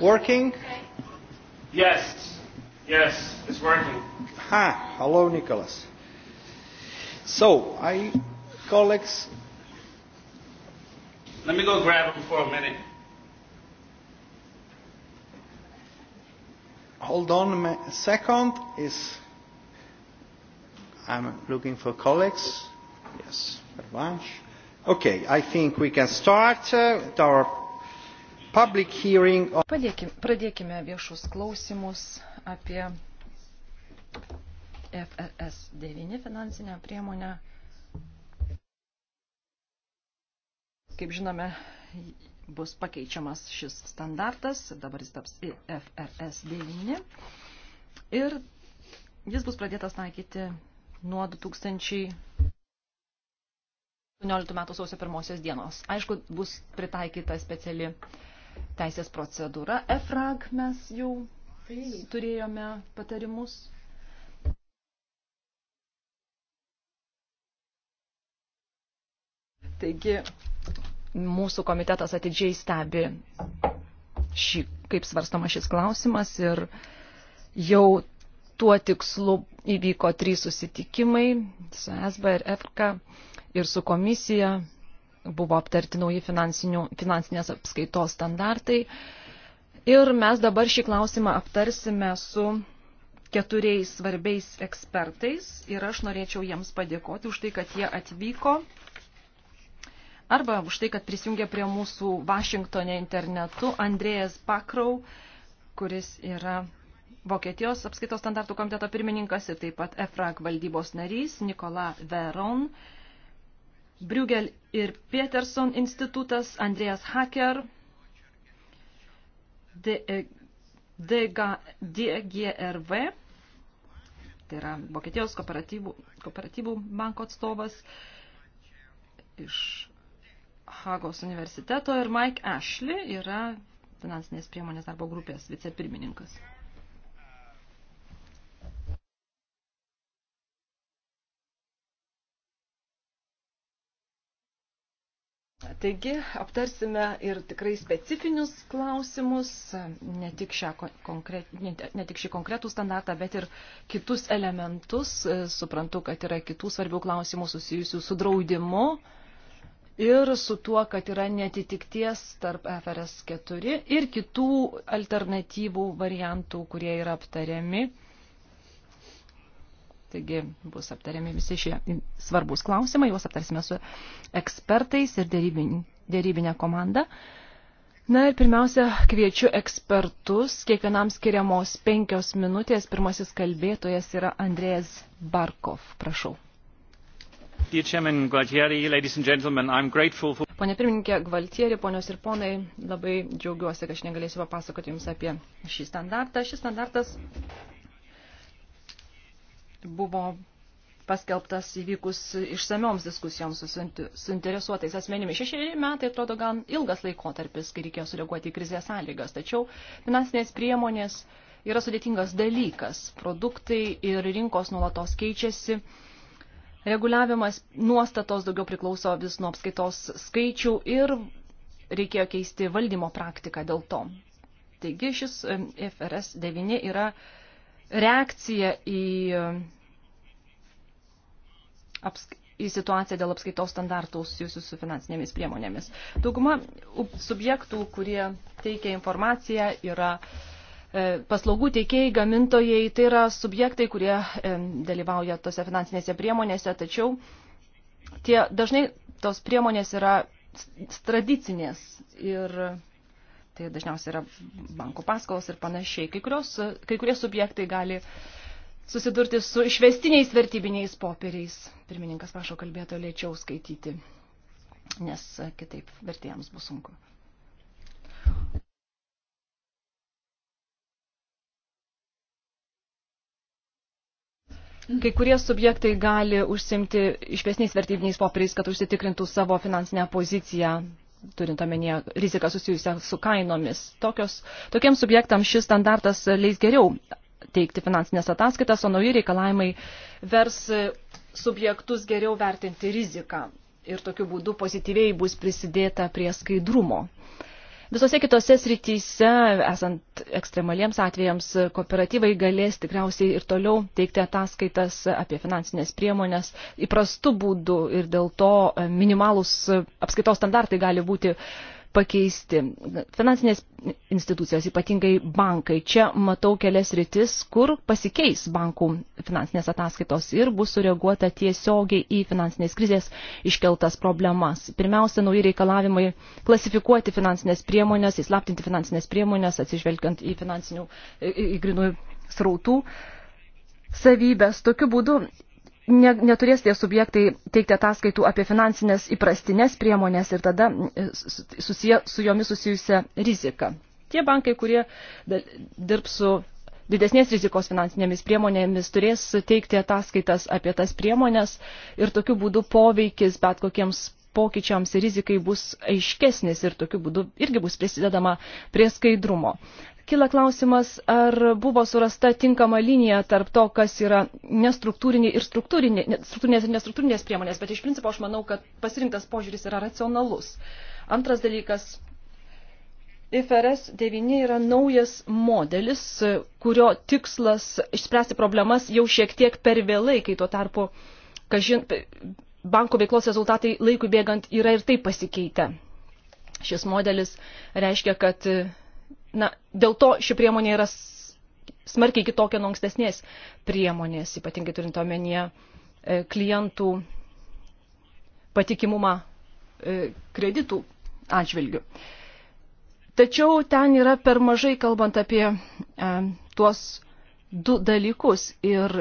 Working? Yes. Yes, it's working. Ha. Hello, Nicholas. So, I, colleagues. Let me go grab him for a minute. Hold on a second. Is I'm looking for colleagues. Yes, Pervanche. Okay, I think we can start uh, our Hearing... Padėkime, pradėkime viešus klausimus apie FRS 9 finansinę priemonę. Kaip žinome, bus pakeičiamas šis standartas, dabar jis taps FRS 9. Ir jis bus pradėtas taikyti nuo 2000 2018 metų sausio pirmosios dienos. Aišku, bus pritaikyta speciali uh, teisės procedūra. EFRAG mes jau turėjome patarimus. Taigi mūsų komitetas atidžiai stebi šį, kaip svarstama šis klausimas ir jau tuo tikslu įvyko trys susitikimai su ESBA ir EFRKA ir su komisija buvo aptarti nauji finansinės apskaitos standartai. Ir mes dabar šį klausimą aptarsime su keturiais svarbiais ekspertais ir aš norėčiau jiems padėkoti už tai, kad jie atvyko arba už tai, kad prisijungė prie mūsų Vašingtonė internetu Andrėjas Pakrau, kuris yra Vokietijos apskaitos standartų komiteto pirmininkas ir taip pat EFRAG valdybos narys Nikola Veron, Briugel ir Peterson institutas, Andrejas Hacker, DGRV, e, tai yra Vokietijos kooperatyvų, kooperatyvų banko atstovas iš Hagos universiteto ir Mike Ashley yra finansinės priemonės darbo grupės vicepirmininkas. Taigi aptarsime ir tikrai specifinius klausimus, ne tik, šią konkret, ne tik šį konkretų standartą, bet ir kitus elementus. Suprantu, kad yra kitų svarbių klausimų susijusių su draudimu ir su tuo, kad yra netitikties tarp FRS 4 ir kitų alternatyvų variantų, kurie yra aptariami Taigi bus aptariami visi šie svarbus klausimai, juos aptarsime su ekspertais ir dėrybinė komanda. Na ir pirmiausia, kviečiu ekspertus, kiekvienam skiriamos penkios minutės, pirmasis kalbėtojas yra Andrėjas Barkov, prašau. Pone pirmininkė Gvaltieri, ponios ir ponai, labai džiaugiuosi, kad aš negalėsiu papasakoti Jums apie šį standartą. Šis standartas buvo paskelbtas įvykus išsamioms diskusijoms su suinteresuotais asmenimis. Šešeri metai atrodo gan ilgas laikotarpis, kai reikėjo sureaguoti į krizės sąlygas, tačiau finansinės priemonės yra sudėtingas dalykas. Produktai ir rinkos nuolatos keičiasi. Reguliavimas nuostatos daugiau priklauso vis nuo apskaitos skaičių ir reikėjo keisti valdymo praktiką dėl to. Taigi šis FRS 9 yra reakcija į, apsk į situaciją dėl apskaitos standartų susijusių su finansinėmis priemonėmis. Dauguma subjektų, kurie teikia informaciją, yra e, paslaugų teikėjai, gamintojai, tai yra subjektai, kurie e, dalyvauja tose finansinėse priemonėse, tačiau tie dažnai tos priemonės yra tradicinės ir Tai dažniausiai yra bankų paskolos ir panašiai. Kai, kurios, kai kurie subjektai gali susidurti su išvestiniais vertybiniais popieriais. Pirmininkas prašo kalbėto lėčiau skaityti, nes kitaip vertėjams bus sunku. Kai kurie subjektai gali užsimti išpėsniais vertybiniais popieriais, kad užsitikrintų savo finansinę poziciją turint omenyje riziką susijusią su kainomis. Tokios, tokiems subjektams šis standartas leis geriau teikti finansinės ataskaitas, o nauji reikalavimai vers subjektus geriau vertinti riziką ir tokiu būdu pozityviai bus prisidėta prie skaidrumo. Uh, Visose kitose srityse, esant ekstremaliems atvejams, kooperatyvai galės tikriausiai ir toliau teikti ataskaitas apie finansinės priemonės įprastų būdų ir dėl to minimalūs apskaitos standartai gali būti pakeisti. Finansinės institucijos, ypatingai bankai. Čia matau kelias rytis, kur pasikeis bankų finansinės ataskaitos ir bus sureaguota tiesiogiai į finansinės krizės iškeltas problemas. Pirmiausia, nauji reikalavimai klasifikuoti finansinės priemonės, įslaptinti finansinės priemonės, atsižvelgiant į finansinių, į grinųjų srautų savybės. Tokiu būdu ne, neturės tie subjektai teikti ataskaitų apie finansinės įprastinės priemonės ir tada mm, e, susiję, su jomis susijusią riziką. Tie bankai, kurie dirbs su didesnės rizikos finansinėmis priemonėmis, turės teikti ataskaitas apie tas priemonės ir tokiu būdu poveikis bet kokiems pokyčiams ir rizikai bus aiškesnis ir tokiu būdu irgi bus prisidedama prie skaidrumo. Kila klausimas, ar buvo surasta tinkama linija tarp to, kas yra nestruktūrinė ir struktūrinė, struktūrinės ir nestruktūrinės priemonės, bet iš principo aš manau, kad pasirinktas požiūris yra racionalus. Antras dalykas, IFRS 9 yra naujas modelis, kurio tikslas išspręsti problemas jau šiek tiek per vėlai, kai tuo tarpu kažin, banko veiklos rezultatai laikui bėgant yra ir taip pasikeitę. Šis modelis reiškia, kad na, dėl to ši priemonė yra smarkiai kitokia nuo ankstesnės priemonės, ypatingai turint omenyje e, klientų patikimumą e, kreditų atžvilgių. Tačiau ten yra per mažai kalbant apie e, tuos du dalykus ir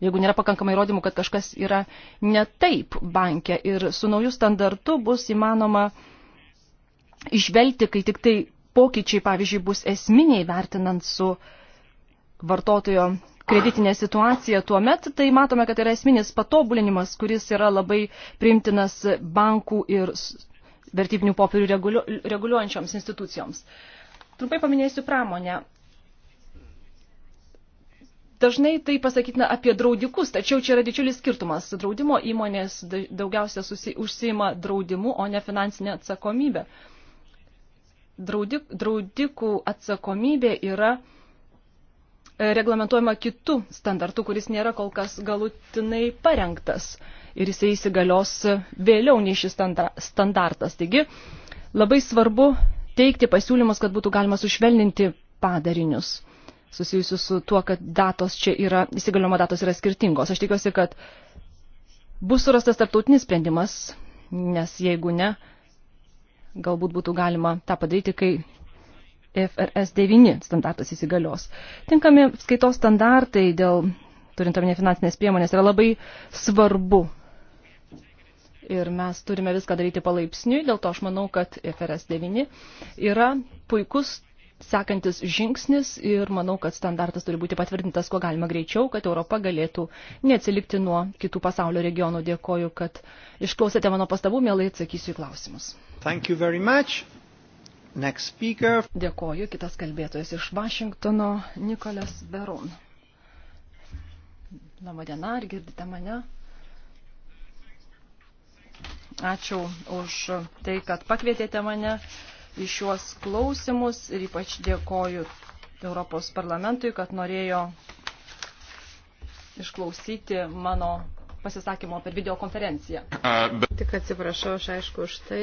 jeigu nėra pakankamai įrodymų, kad kažkas yra ne taip banke ir su naujų standartu bus įmanoma išvelgti, kai tik tai pokyčiai, pavyzdžiui, bus esminiai vertinant su vartotojo kreditinė situacija tuo met, tai matome, kad yra esminis patobulinimas, kuris yra labai priimtinas bankų ir vertybinių popierių reguliu, reguliuojančioms institucijoms. Trumpai paminėsiu pramonę. Dažnai tai pasakytina apie draudikus, tačiau čia yra didžiulis skirtumas. Draudimo įmonės daugiausia susi, užsima draudimu, o ne finansinė atsakomybė. Uh, draudik, draudikų atsakomybė yra e, reglamentuojama kitų standartų, kuris nėra kol kas galutinai parengtas ir jisai įsigalios vėliau nei šis standartas. Taigi labai svarbu teikti pasiūlymus, kad būtų galima sušvelninti padarinius susijusius su tuo, kad datos čia yra, įsigaliojimo datos yra skirtingos. Aš tikiuosi, kad bus surastas tarptautinis sprendimas, nes jeigu ne, galbūt būtų galima tą padaryti, kai FRS 9 standartas įsigalios. Tinkami skaitos standartai dėl turint omenyje finansinės priemonės yra labai svarbu. Ir mes turime viską daryti palaipsniui, dėl to aš manau, kad FRS 9 yra puikus sekantis žingsnis ir manau, kad standartas turi būti patvirtintas kuo galima greičiau, kad Europa galėtų neatsilikti nuo kitų pasaulio regionų. Dėkoju, kad išklausėte mano pastabų, mielai atsakysiu į klausimus. Dėkoju, kitas kalbėtojas iš Vašingtono, Nikolas Beron. Labadiena, ar girdite mane? Ačiū už tai, kad pakvietėte mane į šiuos klausimus ir ypač dėkoju Europos parlamentui, kad norėjo išklausyti mano pasisakymo per videokonferenciją. Tik atsiprašau, aš aišku, už tai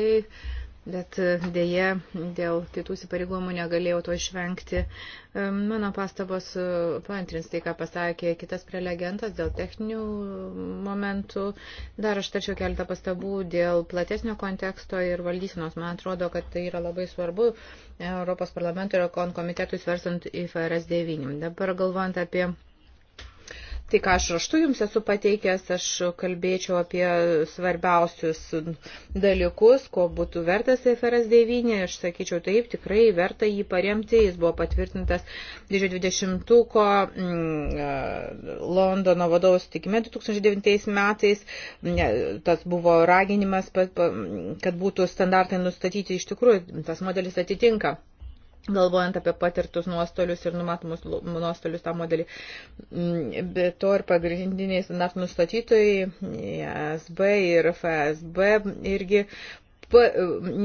bet e, dėje dėl kitų įsipareigojimų negalėjau to išvengti. E, mano pastabos e, paantrins tai, ką pasakė kitas prelegentas dėl techninių momentų. Dar aš tarčiau keletą pastabų dėl platesnio konteksto ir valdysenos. Man atrodo, kad tai yra labai svarbu Europos parlamento ir kon komitetui svarstant IFRS 9. Dabar galvojant apie Tai ką aš raštu jums esu pateikęs, aš kalbėčiau apie svarbiausius dalykus, ko būtų vertas FRS 9. Aš sakyčiau, taip, tikrai verta jį paremti. Jis buvo patvirtintas didžiojo 20-ko mm, Londono vadovų sutikime 2009 metais. Tas buvo raginimas, kad būtų standartai nustatyti iš tikrųjų, tas modelis atitinka galvojant apie patirtus nuostolius ir numatomus nuostolius tą modelį. Mm, be to ir pagrindiniai standartų nustatytojai, ESB ir FSB irgi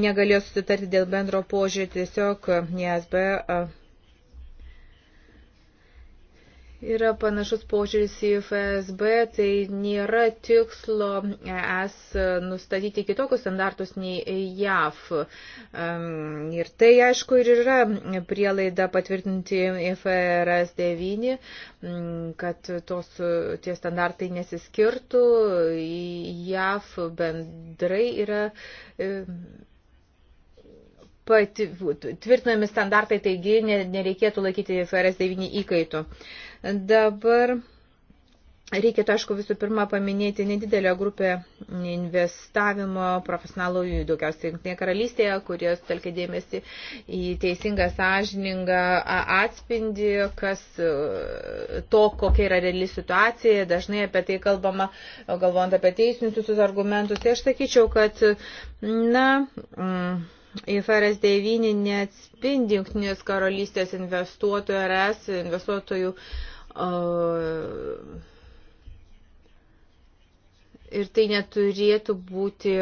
negalėjo susitarti dėl bendro požiūrį, tiesiog ESB Yra panašus požiūris į FSB, tai nėra tikslo es nustatyti kitokius standartus nei JAF. Ir tai, aišku, ir yra prielaida patvirtinti FRS 9, kad tos, tie standartai nesiskirtų. JAF bendrai yra pat, tvirtinami standartai, taigi nereikėtų laikyti FRS 9 įkaitų. Dabar reikėtų, aišku, visų pirma paminėti nedidelę grupę investavimo profesionalų, daugiausiai Junktinėje karalystėje, kurie sutelkė dėmesį į teisingą, sąžiningą atspindį, kas e, to, kokia yra reali situacija, dažnai apie tai kalbama, galvojant apie teisinius argumentus. Tai aš sakyčiau, kad, na. Mm, IFRS 9 neatspindi Junktinės karalystės investuotojų RS, investuotojų uh, ir tai neturėtų būti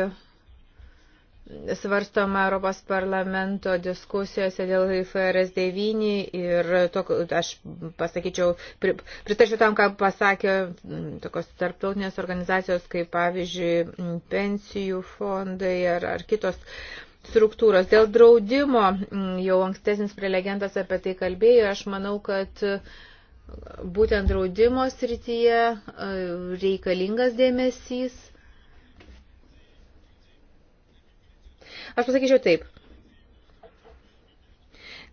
svarstoma Europos parlamento diskusijose dėl IFRS 9 ir to, aš pasakyčiau, pritarčiau tam, ką pasakė tokios tarptautinės organizacijos, kaip pavyzdžiui pensijų fondai ar, ar kitos uh, struktūros. Dėl draudimo, mm, jau ankstesnis prelegentas apie tai kalbėjo, aš manau, kad e, būtent draudimo srityje e, reikalingas dėmesys. Aš pasakyčiau taip.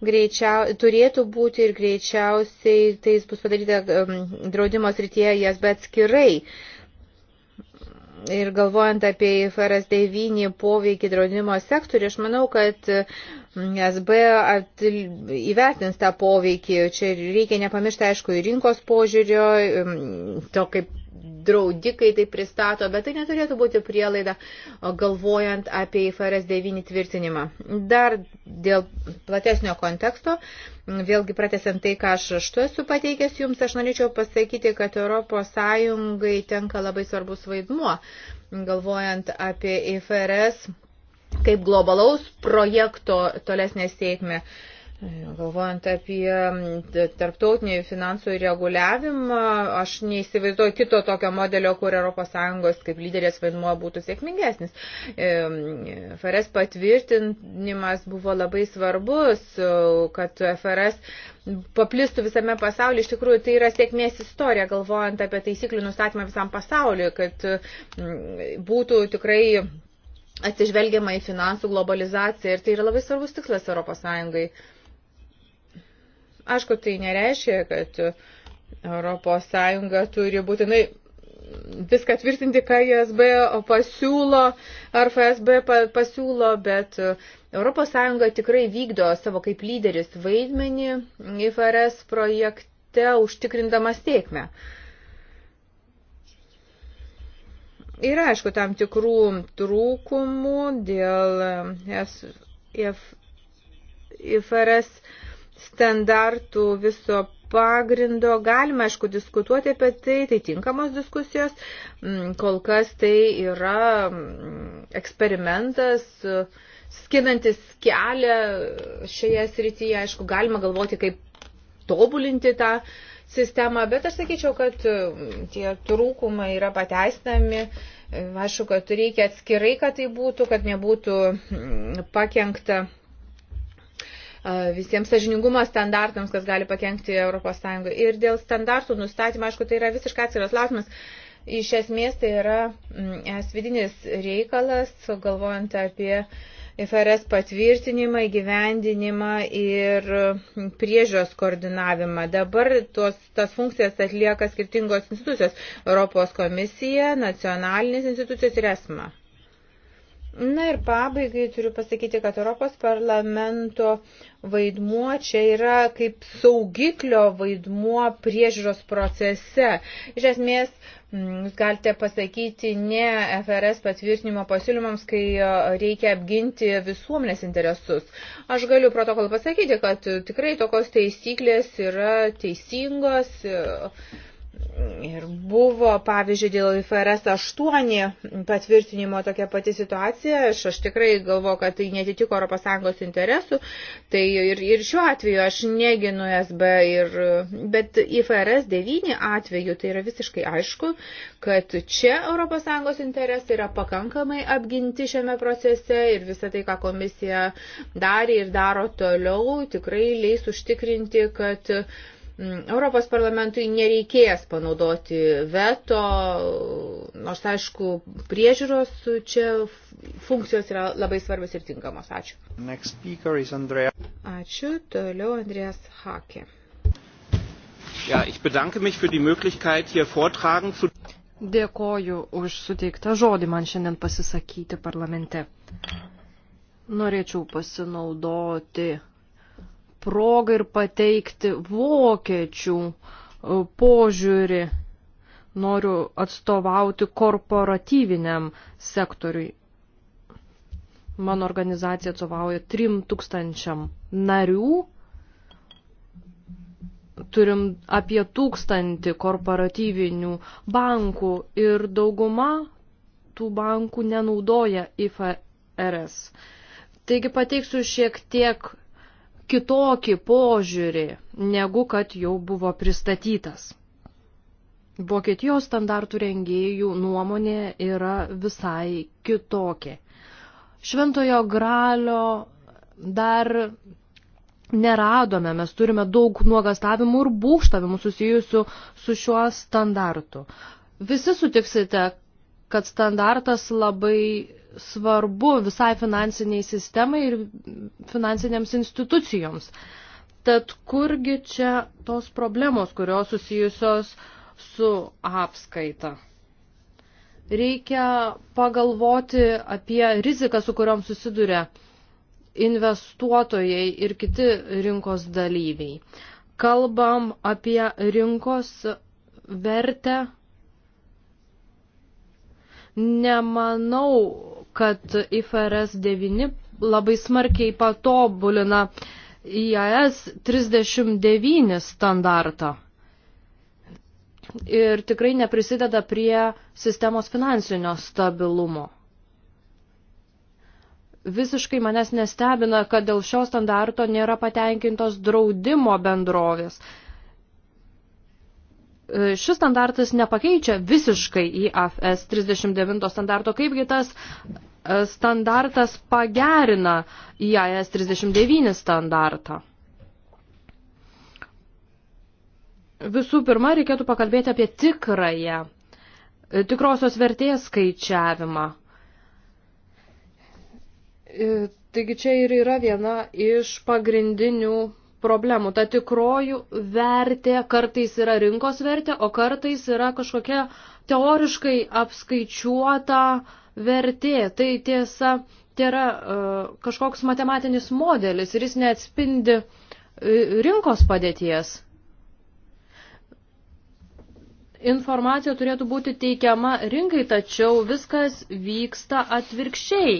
Greičiau, turėtų būti ir greičiausiai tai bus padaryta e, draudimo srityje jas, bet skirai. Uh, ir galvojant apie IFRS 9 poveikį draudimo sektorių, aš manau, kad SB įvertins tą poveikį. Čia reikia nepamiršti, aišku, ir rinkos požiūrio, um, to kaip draudikai tai pristato, bet tai neturėtų būti prielaida, galvojant apie IFRS 9 tvirtinimą. Dar dėl platesnio konteksto, vėlgi pratesiant tai, ką aš raštu esu pateikęs jums, aš norėčiau pasakyti, kad ES tenka labai svarbus vaidmuo, galvojant apie IFRS kaip globalaus projekto tolesnė sėkmė. Galvojant apie tarptautinį finansų reguliavimą, aš neįsivaizduoju kito tokio modelio, kur ES kaip lyderės vaidmuo būtų sėkmingesnis. FRS patvirtinimas buvo labai svarbus, kad FRS paplistų visame pasaulyje. Iš tikrųjų, tai yra sėkmės istorija, galvojant apie taisyklių nustatymą visam pasauliu, kad būtų tikrai atsižvelgiama į finansų globalizaciją ir tai yra labai svarbus tikslas Europos Sąjungai. Aišku, tai nereiškia, kad Europos Sąjunga turi būtinai viską tvirtinti, ką ISB pasiūlo ar FSB pasiūlo, bet ES tikrai vykdo savo kaip lyderis vaidmenį IFRS projekte, užtikrindama sėkmę. Uh, Yra, aišku, tam tikrų trūkumų dėl IFRS e, standartų viso pagrindo. Galima, aišku, diskutuoti apie tai, tai tinkamos diskusijos. Mm, kol kas tai yra mm, eksperimentas, e, skinantis kelią šioje srityje. Aišku, galima galvoti, kaip tobulinti tą uh, sistemą, bet aš sakyčiau, kad mm, tie trūkumai yra pateisinami. Aišku, kad reikia atskirai, kad tai būtų, kad nebūtų mm, pakengta visiems sažiningumo standartams, kas gali pakengti ES. Ir dėl standartų nustatymą, aišku, tai yra visiškai atsiras klausimas. Iš esmės tai yra mm, es vidinis reikalas, galvojant apie uh, FRS patvirtinimą, įgyvendinimą ir priežios koordinavimą. Dabar tuos, tas funkcijas atlieka skirtingos institucijos - Europos komisija, nacionalinės institucijos ir esma. Na ir pabaigai turiu pasakyti, kad Europos parlamento vaidmuo čia yra kaip saugiklio vaidmuo priežiūros procese. Iš esmės, jūs galite pasakyti ne FRS patvirtinimo pasiūlymams, kai e, reikia apginti visuomenės interesus. Aš galiu protokolą pasakyti, kad tikrai tokios taisyklės yra teisingos. Ir e, Ir buvo, pavyzdžiui, dėl IFRS 8 patvirtinimo tokia pati situacija. Aš, aš tikrai galvoju, kad tai netitiko ES interesų. Tai ir, ir šiuo atveju aš neginu SB. Ir, bet IFRS 9 atveju tai yra visiškai aišku, kad čia ES interesai yra pakankamai apginti šiame procese ir visą tai, ką komisija darė ir daro toliau, tikrai leis užtikrinti, kad uh, Mm, Europos parlamentui nereikės panaudoti veto, nors aišku, priežiūros čia funkcijos yra labai svarbios ir tinkamos. Ačiū. Ačiū. Toliau Andreas Hake. Ja, ich bedanke mich für die Möglichkeit, hier vortragen zu. Dėkoju už suteiktą žodį man šiandien pasisakyti parlamente. Norėčiau pasinaudoti progą ir pateikti vokiečių e, požiūrį. Noriu atstovauti korporatyviniam sektoriui. Mano organizacija atstovauja 3000 narių. Turim apie tūkstantį korporatyvinių bankų ir dauguma tų bankų nenaudoja IFRS. Taigi pateiksiu šiek tiek kitokį požiūrį, negu kad jau buvo pristatytas. Vokietijos standartų rengėjų nuomonė yra visai kitokia. Šventojo gralio dar neradome, mes turime daug nuogastavimų ir būkštavimų susijusių su šiuo standartu. Visi sutiksite, kad standartas labai svarbu visai finansiniai sistemai ir finansinėms institucijoms. Tad kurgi čia tos problemos, kurios susijusios su apskaita? Reikia pagalvoti apie riziką, su kuriuom susiduria investuotojai ir kiti rinkos dalyviai. Kalbam apie rinkos vertę nemanau, kad IFRS 9 labai smarkiai patobulina IAS 39 standartą ir tikrai neprisideda prie sistemos finansinio stabilumo. Visiškai manęs nestebina, kad dėl šio standarto nėra patenkintos draudimo bendrovės. E, šis standartas nepakeičia visiškai IFS 39 standarto, kaipgi tas e, standartas pagerina IAS 39 standartą. Visų pirma, reikėtų pakalbėti apie tikrąją, e, tikrosios vertės skaičiavimą. Taigi čia ir yra viena iš pagrindinių problemų. Ta tikroji vertė kartais yra rinkos vertė, o kartais yra kažkokia teoriškai apskaičiuota vertė. Tai tiesa, tai yra uh, kažkoks matematinis modelis ir jis neatspindi e, rinkos padėties. Informacija turėtų būti teikiama rinkai, tačiau viskas vyksta atvirkščiai.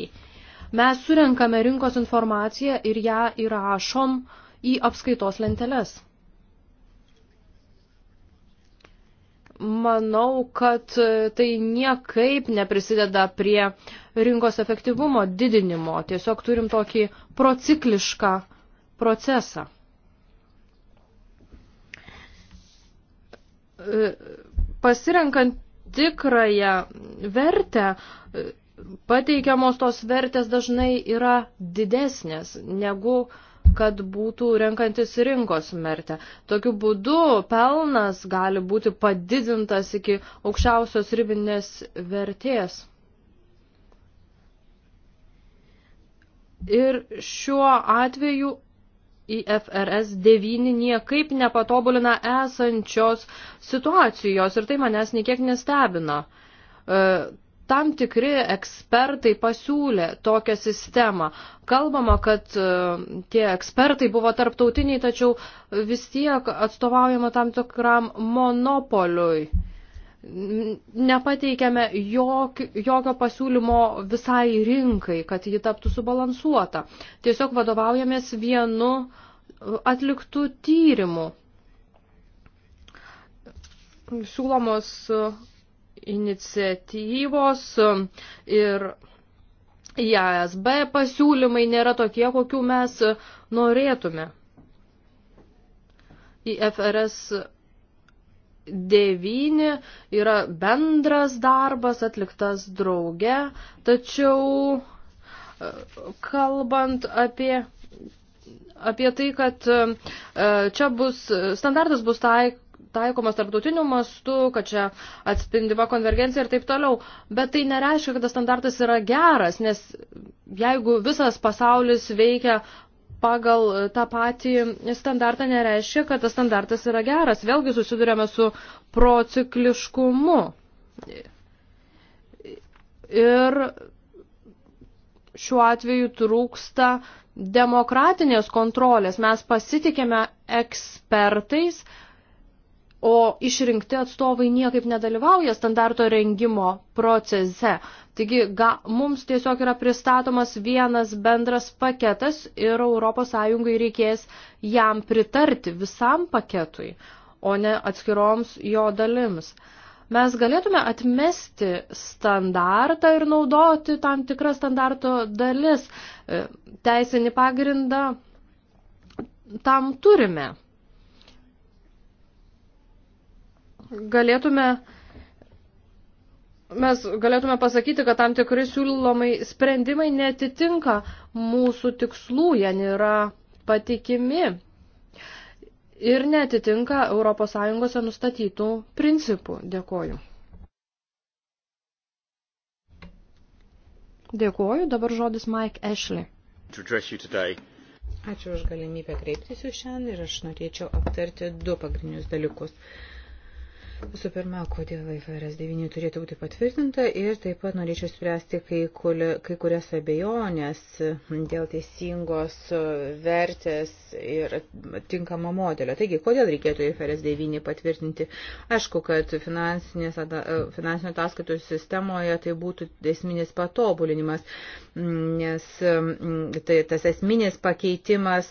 Mes surenkame rinkos informaciją ir ją įrašom uh, į apskaitos lenteles. Manau, kad tai niekaip neprisideda prie rinkos efektyvumo didinimo. Tiesiog turim tokį prociklišką procesą. Pasirenkant tikrąją vertę, pateikiamos tos vertės dažnai yra didesnės negu uh, kad būtų renkantis rinkos vertę. Tokiu būdu pelnas gali būti padidintas iki aukščiausios ribinės vertės. Ir šiuo atveju IFRS 9 niekaip nepatobulina esančios situacijos ir tai manęs niekiek nestebina e, tam tikri ekspertai pasiūlė tokią sistemą. Kalbama, kad e, tie ekspertai buvo tarptautiniai, tačiau vis tiek atstovaujama tam tikram monopoliui. Nepateikėme jok, jokio pasiūlymo visai rinkai, kad ji taptų subalansuota. Tiesiog vadovaujamės vienu e, atliktų tyrimų. Siūlomos e, iniciatyvos ir JASB pasiūlymai nėra tokie, kokių mes norėtume. IFRS 9 yra bendras darbas atliktas drauge, tačiau e, kalbant apie, apie tai, kad e, čia bus, standartas bus taikomas taikomas tarptautiniu mastu, kad čia atspindima konvergencija ir taip toliau. Bet tai nereiškia, kad tas standartas yra geras, nes jeigu visas pasaulis veikia pagal e, tą patį standartą, nereiškia, kad tas standartas yra geras. Vėlgi susidurėme su procikliškumu. Ir šiuo atveju trūksta demokratinės kontrolės. Mes pasitikėme ekspertais, o išrinkti atstovai niekaip nedalyvauja standarto rengimo procese. Taigi ga, mums tiesiog yra pristatomas vienas bendras paketas ir ES reikės jam pritarti visam paketui, o ne atskiroms jo dalims. Mes galėtume atmesti standartą ir naudoti tam tikrą standarto dalis. E, teisinį pagrindą tam turime. galėtume mes galėtume pasakyti, kad tam tikri siūlomai sprendimai netitinka mūsų tikslų, jie nėra patikimi ir netitinka ES nustatytų principų. Dėkoju. Dėkoju, dabar žodis Mike Ashley. Ačiū už galimybę kreiptis jūs šiandien ir aš norėčiau aptarti du pagrindinius dalykus. Visų pirma, kodėl IFRS 9 turėtų būti patvirtinta ir taip pat norėčiau spręsti kai, kuli, kai kurias abejonės dėl teisingos vertės ir tinkamo modelio. Taigi, kodėl reikėtų IFRS 9 patvirtinti? Aišku, kad finansinio ataskaitų sistemoje tai būtų esminis patobulinimas, nes mm, tai, tas esminis pakeitimas,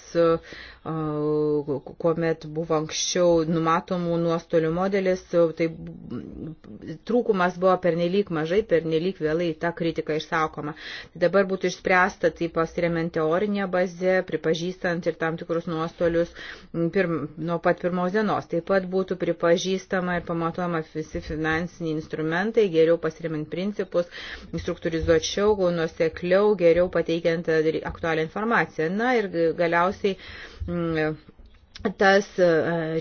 kuomet buvo anksčiau numatomų nuostolių modelis, metų tai trūkumas buvo pernelyg mažai, pernelyg vėlai ta kritika išsakoma. Tai dabar būtų išspręsta tai pasiremiant teorinė bazė, pripažįstant ir tam tikrus nuostolius mm, pirm, nuo pat pirmos dienos. Taip pat būtų pripažįstama ir pamatuojama visi finansiniai instrumentai, geriau pasiremiant principus, struktūrizuočiau, nuosekliau, geriau pateikiant aktualią informaciją. Na ir galiausiai. Mm, tas e,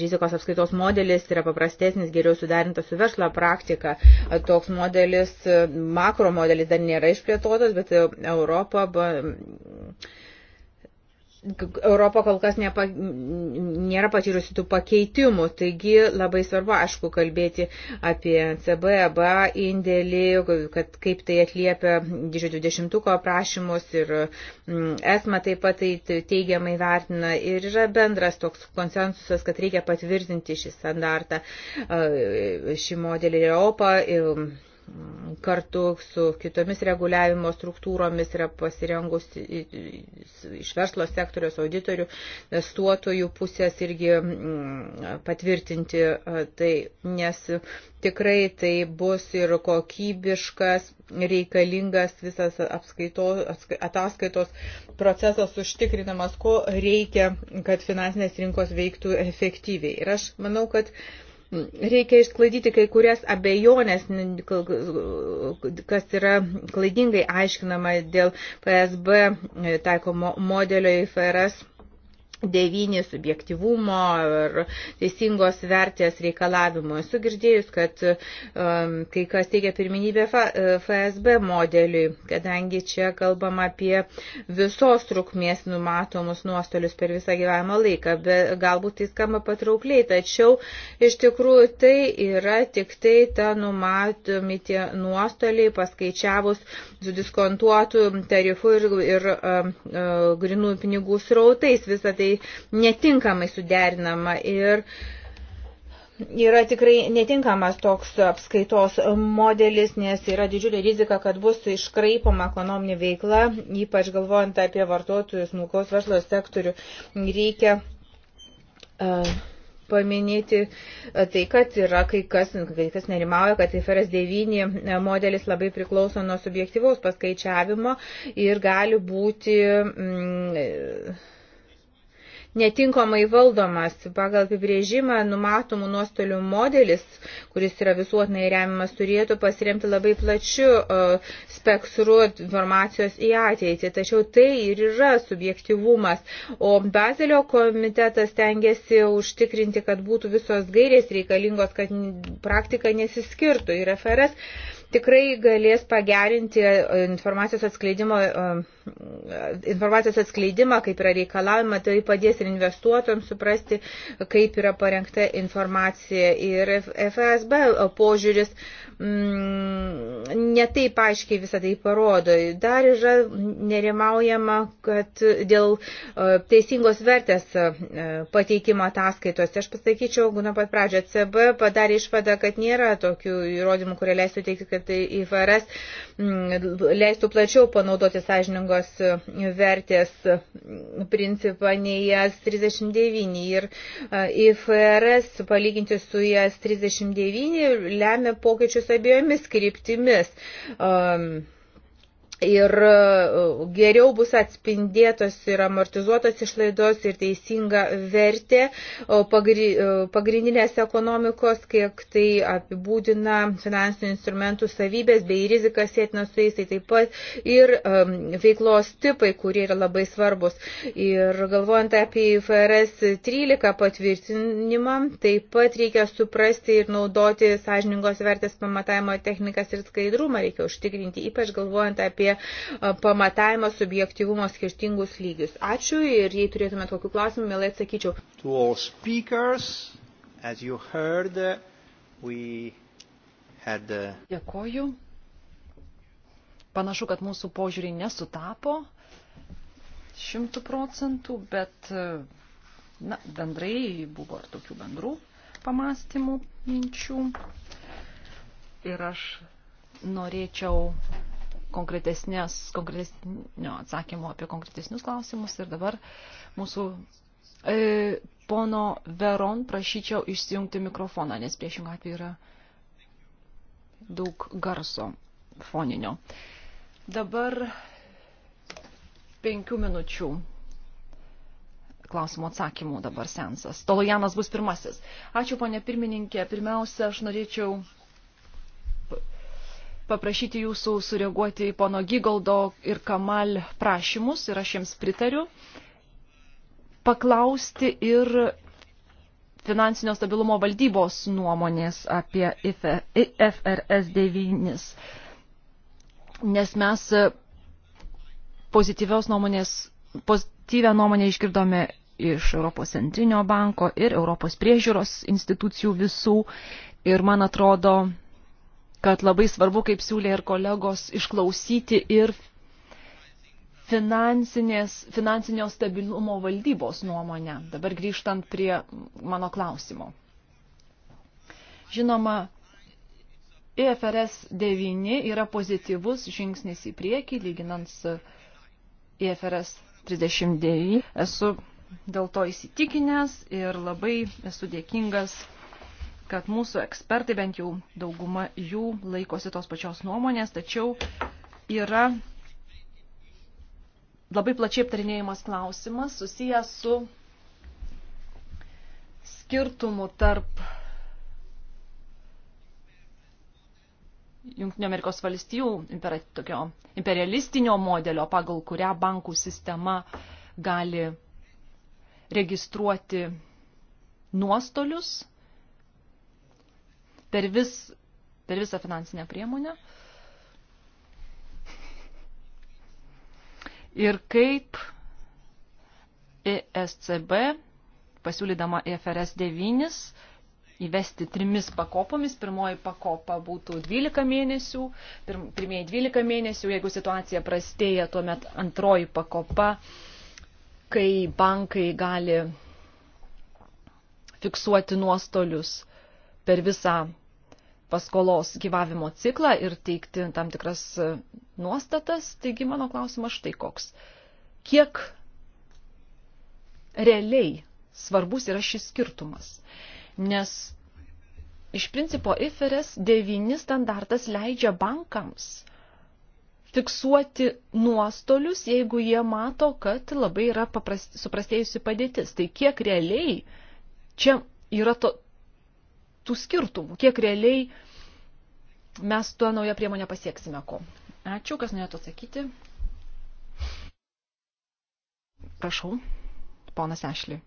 rizikos apskaitos modelis yra paprastesnis, geriau suderintas su verslo praktika. Toks modelis, e, makro modelis dar nėra išplėtotas, bet e, Europa Europa kol kas nepa, nėra patyrusi tų pakeitimų, taigi labai svarbu, aišku, kalbėti apie CB, ABA indėlį, kad kaip tai atliepia didžiojo dvidešimtuko aprašymus ir mm, esma taip pat tai teigiamai vertina ir yra bendras toks konsensusas, kad reikia patvirtinti šį standartą, šį modelį Europą. Ir, kartu su kitomis reguliavimo struktūromis yra pasirengus iš verslo sektoriaus auditorių, investuotojų pusės irgi mm, patvirtinti tai, nes tikrai tai bus ir kokybiškas, reikalingas visas apskaito, ataskaitos procesas užtikrinamas, ko reikia, kad finansinės rinkos veiktų efektyviai. Ir aš manau, kad reikia išsklaidyti kai kurias abejonės, kas yra klaidingai aiškinama dėl PSB taikomo modelio IFRS devyni subjektivumo ir teisingos vertės reikalavimo. Esu girdėjus, kad um, kai kas teigia pirminybę FSB modeliui, kadangi čia kalbam apie visos trukmės numatomus nuostolius per visą gyvenimo laiką, bet galbūt tai skamba patraukliai, tačiau iš tikrųjų tai yra tik tai ta numatomi tie nuostoliai paskaičiavus su diskontuotų tarifu ir, ir um, uh, grinų pinigų srautais. Visą tai tai netinkamai suderinama ir yra tikrai netinkamas toks apskaitos modelis, nes yra didžiulė rizika, kad bus iškraipama ekonominė veikla, ypač galvojant apie vartotojus, smulkaus verslo sektorių. Reikia uh, paminėti tai, kad yra kai kas, kai kas nerimauja, kad IFRS 9 modelis labai priklauso nuo subjektyvaus paskaičiavimo ir gali būti. Mm, netinkamai valdomas. Pagal apibrėžimą numatomų nuostolių modelis, kuris yra visuotinai remiamas, turėtų pasiremti labai plačiu e, spektru informacijos į ateitį. Tačiau tai ir yra subjektivumas. O Bazelio komitetas tengiasi užtikrinti, kad būtų visos gairės reikalingos, kad praktika nesiskirtų. Ir FRS tikrai galės pagerinti e, informacijos atskleidimo e, informacijos atskleidimą, kaip yra reikalavimą, tai padės ir investuotojams suprasti, kaip yra parengta informacija. Ir FSB požiūris mm, netaip aiškiai visą tai parodo. Dar yra nerimaujama, kad dėl e, teisingos vertės e, pateikimo ataskaitos. Aš pasakyčiau, nuo pat pradžio CB padarė išvadą, kad nėra tokių įrodymų, kurie leistų teikti, kad IFRS tai mm, leistų plačiau panaudoti sąžiningo rinkos vertės principą, nei jas 39. Ir e, IFRS palyginti su jas 39 lemia pokyčius abiejomis kryptimis. Um, ir e, geriau bus atspindėtos ir amortizuotos išlaidos ir teisinga vertė e, pagrindinės ekonomikos, kiek tai apibūdina finansinių instrumentų savybės bei rizikas sėtinas su jais, tai taip pat ir e, veiklos tipai, kurie yra labai svarbus. Ir galvojant apie IFRS 13 patvirtinimą, taip pat reikia suprasti ir naudoti sąžiningos vertės pamatavimo technikas ir skaidrumą reikia užtikrinti, ypač galvojant apie apie pamatavimo subjektivumo skirtingus lygius. Ačiū ir jei turėtumėt kokių klausimų, mielai atsakyčiau. Heard, had... Uh, Dėkoju. Panašu, kad mūsų požiūriai nesutapo šimtų procentų, bet na, bendrai buvo ir tokių bendrų pamastymų, minčių. Ir aš norėčiau konkretesnio atsakymo apie konkretesnius klausimus. Ir dabar mūsų e, pono Veron prašyčiau išsijungti mikrofoną, nes priešingą atveju yra daug garso foninio. Dabar penkių minučių klausimų atsakymų dabar sensas. Tolojanas bus pirmasis. Ačiū, ponė pirmininkė. Pirmiausia, aš norėčiau paprašyti jūsų sureaguoti į pono Gygoldo ir Kamal prašymus, ir aš jiems pritariu, paklausti ir finansinio stabilumo valdybos nuomonės apie IFRS 9, nes mes pozityvios nuomonės, pozityvę nuomonę išgirdome iš Europos centrinio banko ir Europos priežiūros institucijų visų. Ir man atrodo, kad labai svarbu, kaip siūlė ir kolegos, išklausyti ir finansinio stabilumo valdybos nuomonę. Dabar grįžtant prie mano klausimo. Žinoma, IFRS 9 yra pozityvus žingsnis į priekį, lyginant su IFRS 39. Esu dėl to įsitikinęs ir labai esu dėkingas kad mūsų ekspertai, bent jau dauguma jų, laikosi tos pačios nuomonės, tačiau yra labai plačiai aptarinėjimas klausimas susijęs su skirtumu tarp Junktinio Amerikos valstijų imperi, tokio imperialistinio modelio, pagal kurią bankų sistema gali registruoti nuostolius per, vis, per visą finansinę priemonę. Ir kaip ESCB, pasiūlydama EFRS 9, įvesti trimis pakopomis. Pirmoji pakopa būtų 12 mėnesių, pirmieji 12 mėnesių, jeigu situacija prastėja, tuomet antroji pakopa, kai bankai gali fiksuoti nuostolius per visą paskolos gyvavimo ciklą ir teikti tam tikras e, nuostatas. Taigi mano klausimas štai koks. Kiek realiai svarbus yra šis skirtumas? Nes iš principo IFRS 9 standartas leidžia bankams fiksuoti nuostolius, jeigu jie mato, kad labai yra paprast, suprastėjusi padėtis. Tai kiek realiai čia yra to, tų skirtumų, kiek realiai mes tuo naują priemonę pasieksime ko. Ačiū, kas norėtų atsakyti. Prašau, ponas Ešli.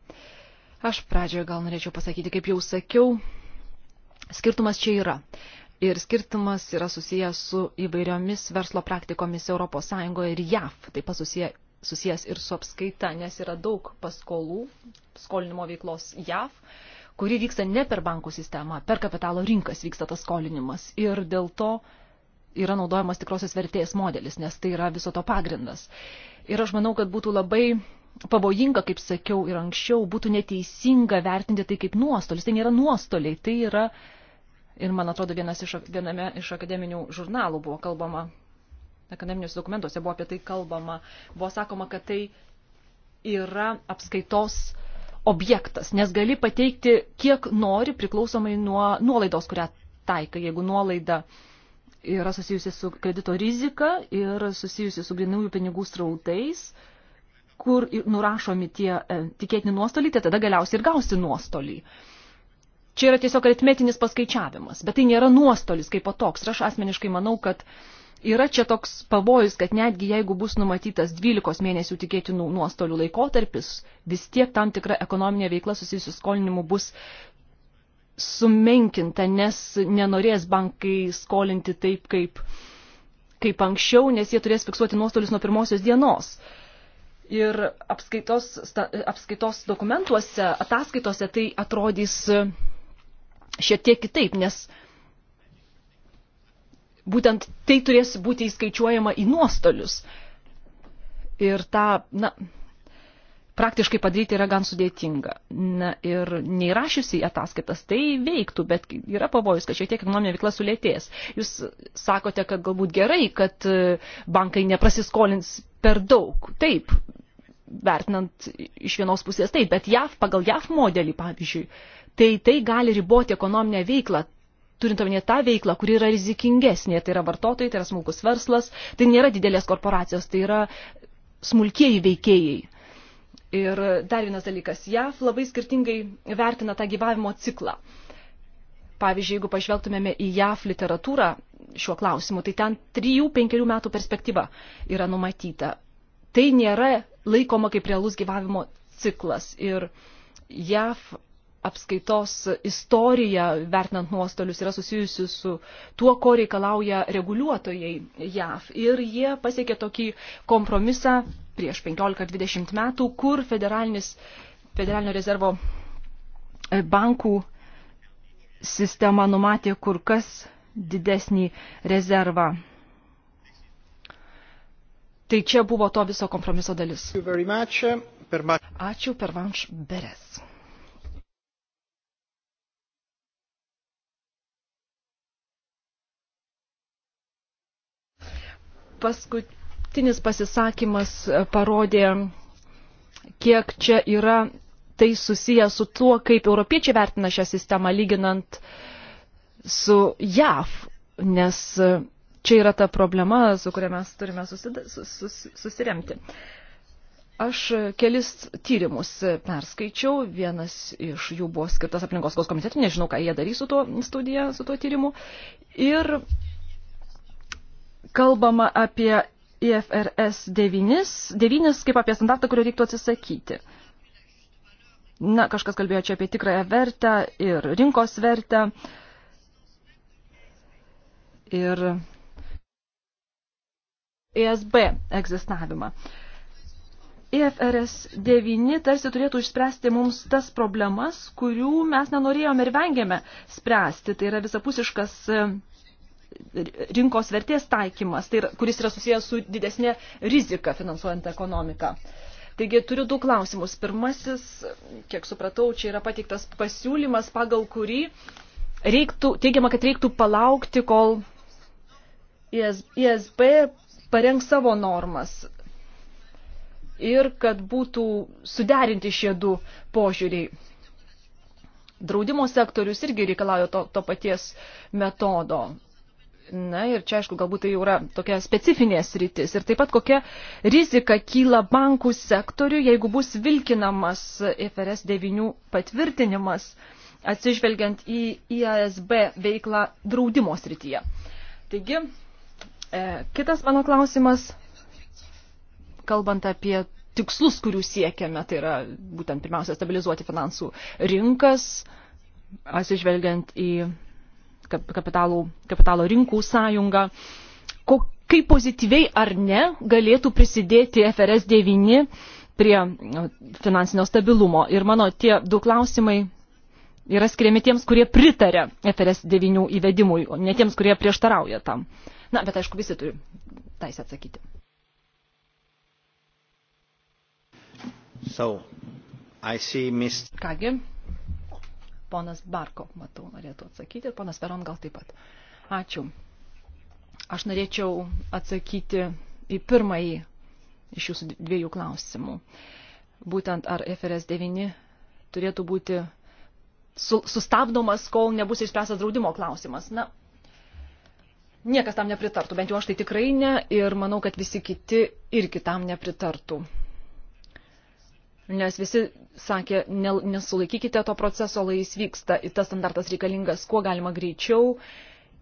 Aš pradžioje gal norėčiau pasakyti, kaip jau sakiau, skirtumas čia yra. Ir skirtumas yra susijęs su įvairiomis verslo praktikomis ES ir JAV, taip pat susiję, susijęs ir su apskaita, nes yra daug paskolų, skolinimo veiklos JAV kuri vyksta ne per bankų sistemą, per kapitalo rinkas vyksta tas skolinimas. Ir dėl to yra naudojamas tikrosios vertės modelis, nes tai yra viso to pagrindas. Ir aš manau, kad būtų labai pavojinga, kaip sakiau ir anksčiau, būtų neteisinga vertinti tai kaip nuostolis. Tai nėra nuostoliai, tai yra, ir man atrodo, vienas iš, viename iš akademinių žurnalų buvo kalbama, akademiniuose dokumentuose buvo apie tai kalbama, buvo sakoma, kad tai yra apskaitos uh, objektas, nes gali pateikti kiek nori priklausomai nuo nuolaidos, kurią taikai. Jeigu nuolaida yra susijusi su kredito rizika ir susijusi su grinųjų pinigų srautais, kur nurašomi tie e, tikėtini nuostoliai, tai tada galiausiai ir gausi nuostolį. Čia yra tiesiog aritmetinis paskaičiavimas, bet tai nėra nuostolis kaip po toks. Ir aš asmeniškai manau, kad yra čia toks pavojus, kad netgi jeigu bus numatytas 12 mėnesių tikėtinų nuostolių laikotarpis, vis tiek tam tikra ekonominė veikla susijusių skolinimu bus sumenkinta, nes nenorės bankai skolinti taip, kaip, kaip anksčiau, nes jie turės fiksuoti nuostolius nuo pirmosios dienos. Ir apskaitos, apskaitos dokumentuose, ataskaitose tai atrodys e, šiek tiek kitaip, nes būtent tai turės būti įskaičiuojama į nuostolius. Ir tą, na, praktiškai padaryti yra gan sudėtinga. Na ir neįrašiusi į ataskaitas tai veiktų, bet yra pavojus, kad šiek tiek ekonominė veikla sulėtės. Jūs sakote, kad galbūt gerai, kad e, bankai neprasiskolins per daug. Taip, vertinant iš vienos pusės taip, bet JAV, pagal JAV modelį, pavyzdžiui, tai tai gali riboti ekonominę veiklą, turint omenyje tą veiklą, kuri yra rizikingesnė, tai yra vartotojai, tai yra smulkus verslas, tai nėra didelės korporacijos, tai yra smulkieji veikėjai. Ir dar vienas dalykas, JAV labai skirtingai vertina tą gyvavimo ciklą. Pavyzdžiui, jeigu pažvelgtumėme į JAV literatūrą šiuo klausimu, tai ten 3-5 metų perspektyva yra numatyta. Tai nėra laikoma kaip realus gyvavimo ciklas. Ir JAV apskaitos istorija, vertinant nuostolius, yra susijusi su tuo, ko reikalauja reguliuotojai JAV. Ir jie pasiekė tokį kompromisą prieš 15-20 metų, kur federalinio rezervo e, bankų sistema numatė kur kas didesnį rezervą. Tai čia buvo to viso kompromiso dalis. Eh, Ačiū per vanš beres. paskutinis pasisakymas parodė, kiek čia yra tai susiję su tuo, kaip europiečiai vertina šią sistemą lyginant su JAV, nes čia yra ta problema, su kuria mes turime susida, sus, susiremti. Aš kelis tyrimus perskaičiau, vienas iš jų buvo skirtas aplinkosaugos komitetui, nežinau, ką jie darys su tuo studija, su tuo tyrimu. Ir kalbama apie IFRS 9, 9 kaip apie standartą, kurio reiktų atsisakyti. Na, kažkas kalbėjo čia apie tikrąją vertę ir rinkos vertę. Ir ESB egzistavimą. IFRS 9 tarsi turėtų išspręsti mums tas problemas, kurių mes nenorėjome ir vengėme spręsti. Tai yra visapusiškas rinkos vertės taikymas, tai, kuris yra susijęs su didesnė rizika finansuojant ekonomiką. Taigi turiu du klausimus. Pirmasis, kiek supratau, čia yra pateiktas pasiūlymas, pagal kurį reiktų, teigiama, kad reiktų palaukti, kol ISB parengs savo normas ir kad būtų suderinti šie du požiūriai. Draudimo sektorius irgi reikalauja to, to paties metodo Na ir čia, aišku, galbūt tai jau yra tokia specifinė sritis. Ir taip pat kokia rizika kyla bankų sektoriui, jeigu bus vilkinamas IFRS 9 patvirtinimas, atsižvelgiant į IASB veiklą draudimo srityje. Taigi, e, kitas mano klausimas, kalbant apie tikslus, kurių siekiame, tai yra būtent pirmiausia stabilizuoti finansų rinkas, atsižvelgiant į kapitalų, kapitalo rinkų sąjungą, ko, kaip pozityviai ar ne galėtų prisidėti FRS 9 prie nu, finansinio stabilumo. Ir mano tie du klausimai yra skiriami tiems, kurie pritarė FRS 9 įvedimui, o ne tiems, kurie prieštarauja tam. Na, bet aišku, visi turi teisę atsakyti. So, I see Mr. Kągi, Ponas Barko, matau, norėtų atsakyti ir ponas Peron gal taip pat. Ačiū. Aš norėčiau atsakyti į pirmąjį iš jūsų dviejų klausimų. Būtent ar FRS 9 turėtų būti sustabdomas, kol nebus išspręstas draudimo klausimas. Na, niekas tam nepritartų, bent jau aš tai tikrai ne ir manau, kad visi kiti irgi tam nepritartų nes visi sakė, nesulaikykite to proceso, lai jis vyksta, tas standartas reikalingas kuo galima greičiau.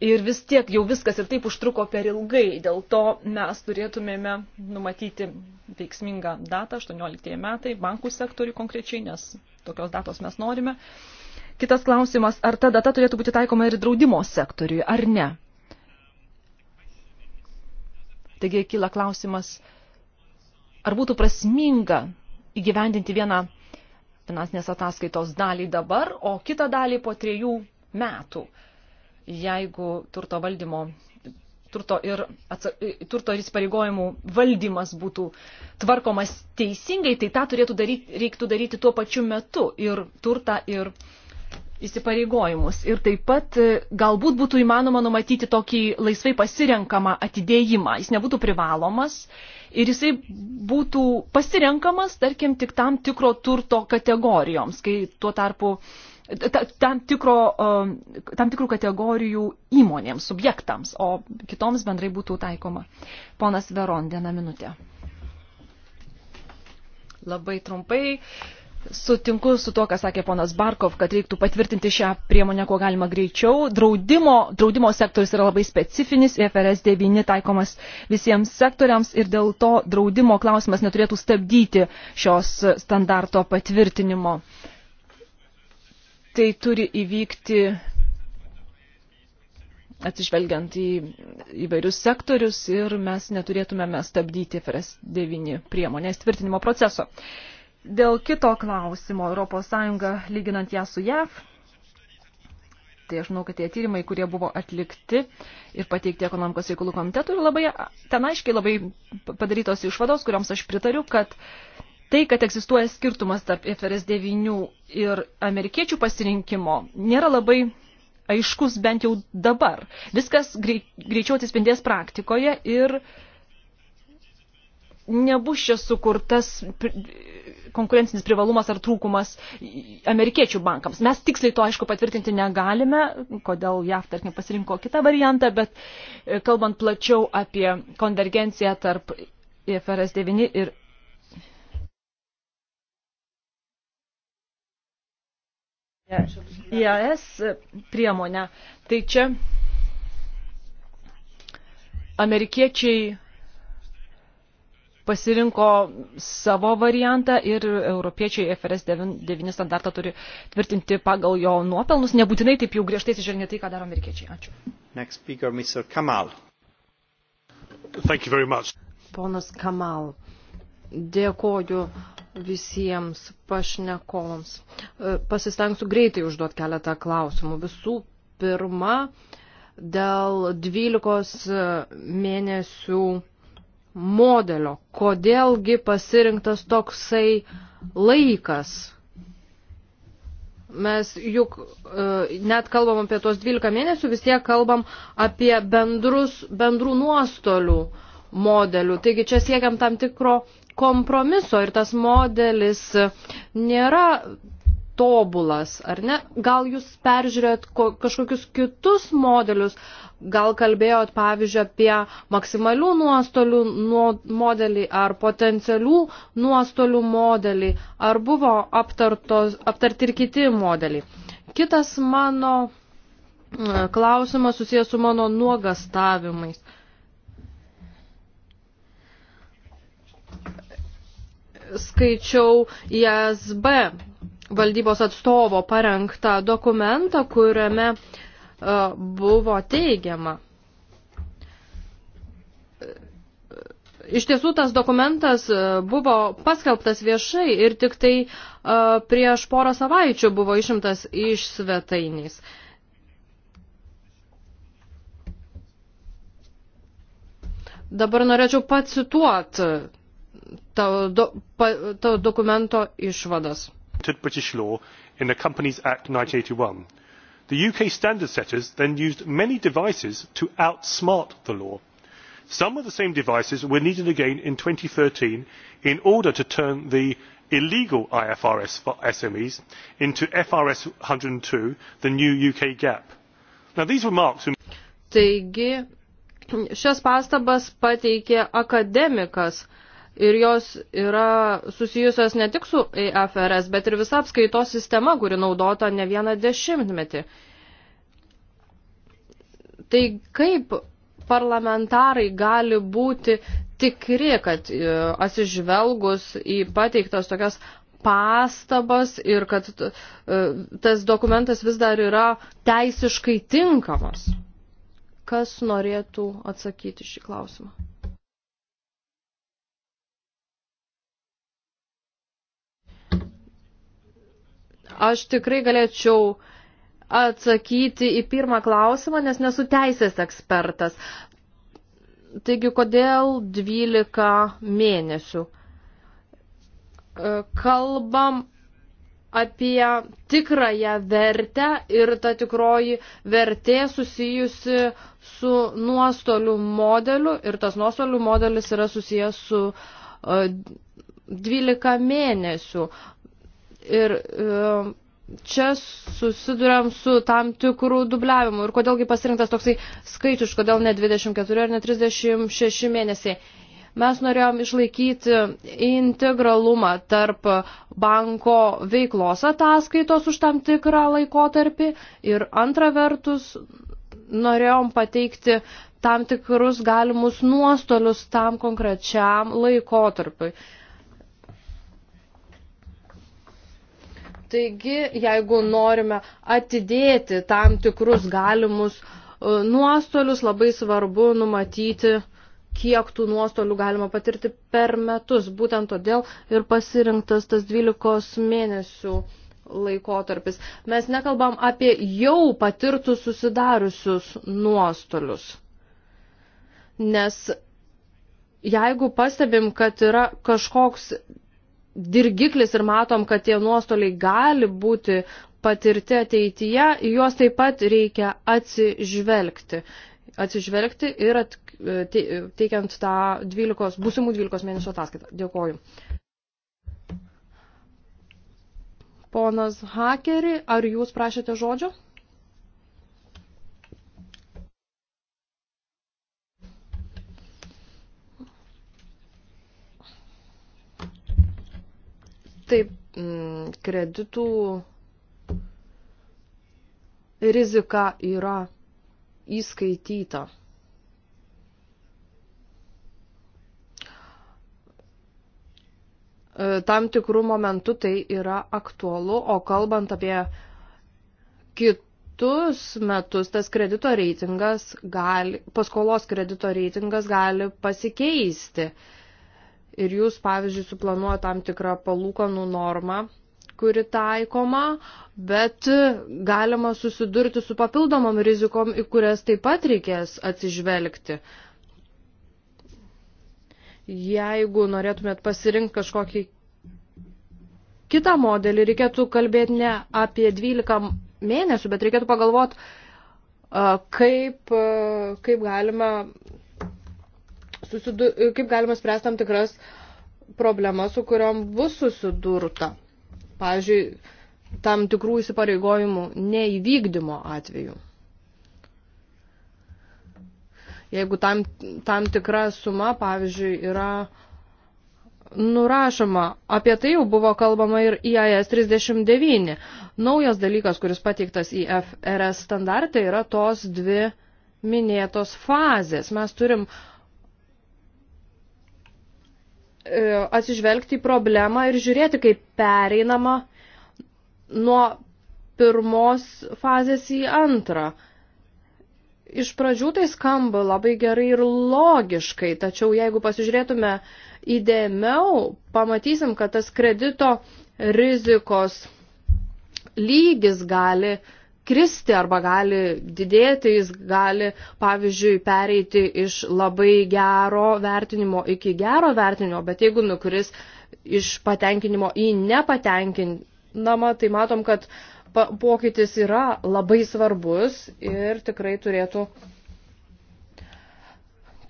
Ir vis tiek jau viskas ir taip užtruko per ilgai, dėl to mes turėtumėme numatyti veiksmingą datą, 18 metai, bankų sektorių konkrečiai, nes tokios datos mes norime. Kitas klausimas, ar ta data turėtų būti taikoma ir draudimo sektoriui, ar ne? Taigi kyla klausimas, ar būtų prasminga įgyvendinti vieną finansinės ataskaitos dalį dabar, o kitą dalį po trejų metų, jeigu turto valdymo, turto ir, atsa, turto ir įsipareigojimų valdymas būtų tvarkomas teisingai, tai tą turėtų daryti, reiktų daryti tuo pačiu metu ir turtą ir įsipareigojimus. Ir taip pat e, galbūt būtų įmanoma numatyti tokį laisvai pasirenkamą atidėjimą. Jis nebūtų privalomas, ir jisai būtų pasirenkamas, tarkim, tik tam tikro turto kategorijoms, kai tuo tarpu tam, tikro, um, tam tikrų kategorijų įmonėms, subjektams, o kitoms bendrai būtų taikoma. Ponas Veron, vieną minutę. Labai trumpai, Sutinku su to, ką sakė ponas Barkov, kad reiktų patvirtinti šią priemonę, kuo galima greičiau. Draudimo, draudimo sektorius yra labai specifinis, FRS 9 taikomas visiems sektoriams ir dėl to draudimo klausimas neturėtų stabdyti šios standarto patvirtinimo. Tai turi įvykti atsižvelgiant į įvairius sektorius ir mes neturėtumėme stabdyti FRS 9 priemonės tvirtinimo proceso. Uh, Dėl kito klausimo, ES lyginant ją su JAV, tai aš manau, kad tie tyrimai, kurie buvo atlikti ir pateikti ekonomikos reikalų komitetui, labai, ten aiškiai labai padarytos išvados, kuriams aš pritariu, kad tai, kad egzistuoja skirtumas tarp FRS 9 ir amerikiečių pasirinkimo, nėra labai aiškus bent jau dabar. Viskas grei, greičiau atsispindės praktikoje ir uh, nebus čia sukurtas konkurencinis privalumas ar trūkumas amerikiečių bankams. Mes tiksliai to, aišku, patvirtinti negalime, kodėl JAV, tarkim, pasirinko kitą variantą, bet e, kalbant plačiau apie konvergenciją tarp IFRS 9 ir IAS priemonę, tai čia amerikiečiai pasirinko savo variantą ir europiečiai FRS 9 standartą turi tvirtinti pagal jo nuopelnus, nebūtinai taip jau griežtai sižvelgia tai, ką daro amerikiečiai. Ačiū. Next speaker, Mr. Kamal. Thank you very much. Ponas Kamal, dėkoju visiems pašnekovams. E, pasistengsiu greitai užduoti keletą klausimų. Visų pirma, dėl 12 e, mėnesių modelio, kodėlgi pasirinktas toksai laikas. Mes juk e, net kalbam apie tos 12 mėnesių, vis tiek kalbam apie bendrus, bendrų nuostolių modelių. Taigi čia siekiam tam tikro kompromiso ir tas modelis nėra tobulas, ar ne? Gal jūs peržiūrėt kažkokius kitus modelius, gal kalbėjot pavyzdžiui apie maksimalių nuostolių modelį ar potencialių nuostolių modelį, ar buvo aptartos, aptarti ir kiti modeliai. Kitas mano klausimas susijęs su mano nuogastavimais. Skaičiau ISB valdybos atstovo parengtą dokumentą, kuriame e, buvo teigiama. Iš tiesų tas dokumentas e, buvo paskelbtas viešai ir tik tai e, prieš porą savaičių buvo išimtas iš svetainys. Dabar norėčiau pacituoti to, do, pa, to dokumento išvadas to British law in the Companies Act 1981. The UK standard setters then used many devices to outsmart the law. Some of the same devices were needed again in 2013 in order to turn the illegal IFRS for SMEs into FRS 102, the new UK gap. Now these remarks... Taigi, šias pastabas pateikė akademikas ir jos yra susijusios ne tik su EFRS, bet ir visa apskaitos sistema, kuri naudota ne vieną dešimtmetį. Tai kaip parlamentarai gali būti tikri, kad e, atsižvelgus į pateiktas tokias pastabas ir kad e, tas dokumentas vis dar yra teisiškai tinkamas. Kas norėtų atsakyti šį klausimą? Aš tikrai galėčiau atsakyti į pirmą klausimą, nes nesu teisės ekspertas. Taigi, kodėl 12 mėnesių? E, kalbam apie tikrąją vertę ir ta tikroji vertė susijusi su nuostolių modeliu ir tas nuostolių modelis yra susijęs su 12 e, mėnesių. Ir e, čia susiduriam su tam tikrų dubliavimu. Ir kodėlgi pasirinktas toksai skaičius, kodėl ne 24 ar ne 36 mėnesiai. Mes norėjom išlaikyti integralumą tarp banko veiklos ataskaitos už tam tikrą laikotarpį ir antra vertus norėjom pateikti tam tikrus galimus nuostolius tam konkrečiam laikotarpiui. Taigi, jeigu norime atidėti tam tikrus galimus e, nuostolius, labai svarbu numatyti, kiek tų nuostolių galima patirti per metus. Būtent todėl ir pasirinktas tas 12 mėnesių laikotarpis. Mes nekalbam apie jau patirtus susidariusius nuostolius. Nes jeigu pastebim, kad yra kažkoks dirgiklis ir matom, kad tie nuostoliai gali būti patirti ateityje, juos taip pat reikia atsižvelgti. Atsižvelgti ir at, teikiant tą 12, būsimų 12 mėnesių ataskaitą. Dėkoju. Ponas Hakeri, ar jūs prašėte žodžio? Taip, mm, kreditų rizika yra įskaityta. E, tam tikrų momentų tai yra aktualu, o kalbant apie kitus metus, tas kredito reitingas gali, paskolos kredito reitingas gali pasikeisti. Uh, ir jūs, pavyzdžiui, suplanuoja tam tikrą palūkanų normą, kuri taikoma, bet galima susidurti su papildomom rizikom, į kurias taip pat reikės atsižvelgti. Jeigu norėtumėt pasirinkti kažkokį kitą modelį, reikėtų kalbėti ne apie 12 mėnesių, bet reikėtų pagalvoti, kaip, kaip galima susidu, kaip galima spręsti tam tikras problemas, su kuriuom bus susidurta. Pavyzdžiui, tam tikrų įsipareigojimų neįvykdymo atveju. Jeigu tam, tam tikra suma, pavyzdžiui, yra nurašoma, apie tai jau buvo kalbama ir e IAS 39. Naujas dalykas, kuris pateiktas į FRS standartą, yra tos dvi minėtos fazės. Mes turim uh, E, atsižvelgti į problemą ir žiūrėti, kaip pereinama nuo pirmos fazės į antrą. Iš pradžių tai skamba labai gerai ir logiškai, tačiau jeigu pasižiūrėtume įdėmiau, pamatysim, kad tas kredito rizikos lygis gali uh, kristi arba gali didėti, jis gali, pavyzdžiui, pereiti iš labai gero vertinimo iki gero vertinimo, bet jeigu nukris iš patenkinimo į nepatenkinamą, tai matom, kad pokytis yra labai svarbus ir tikrai turėtų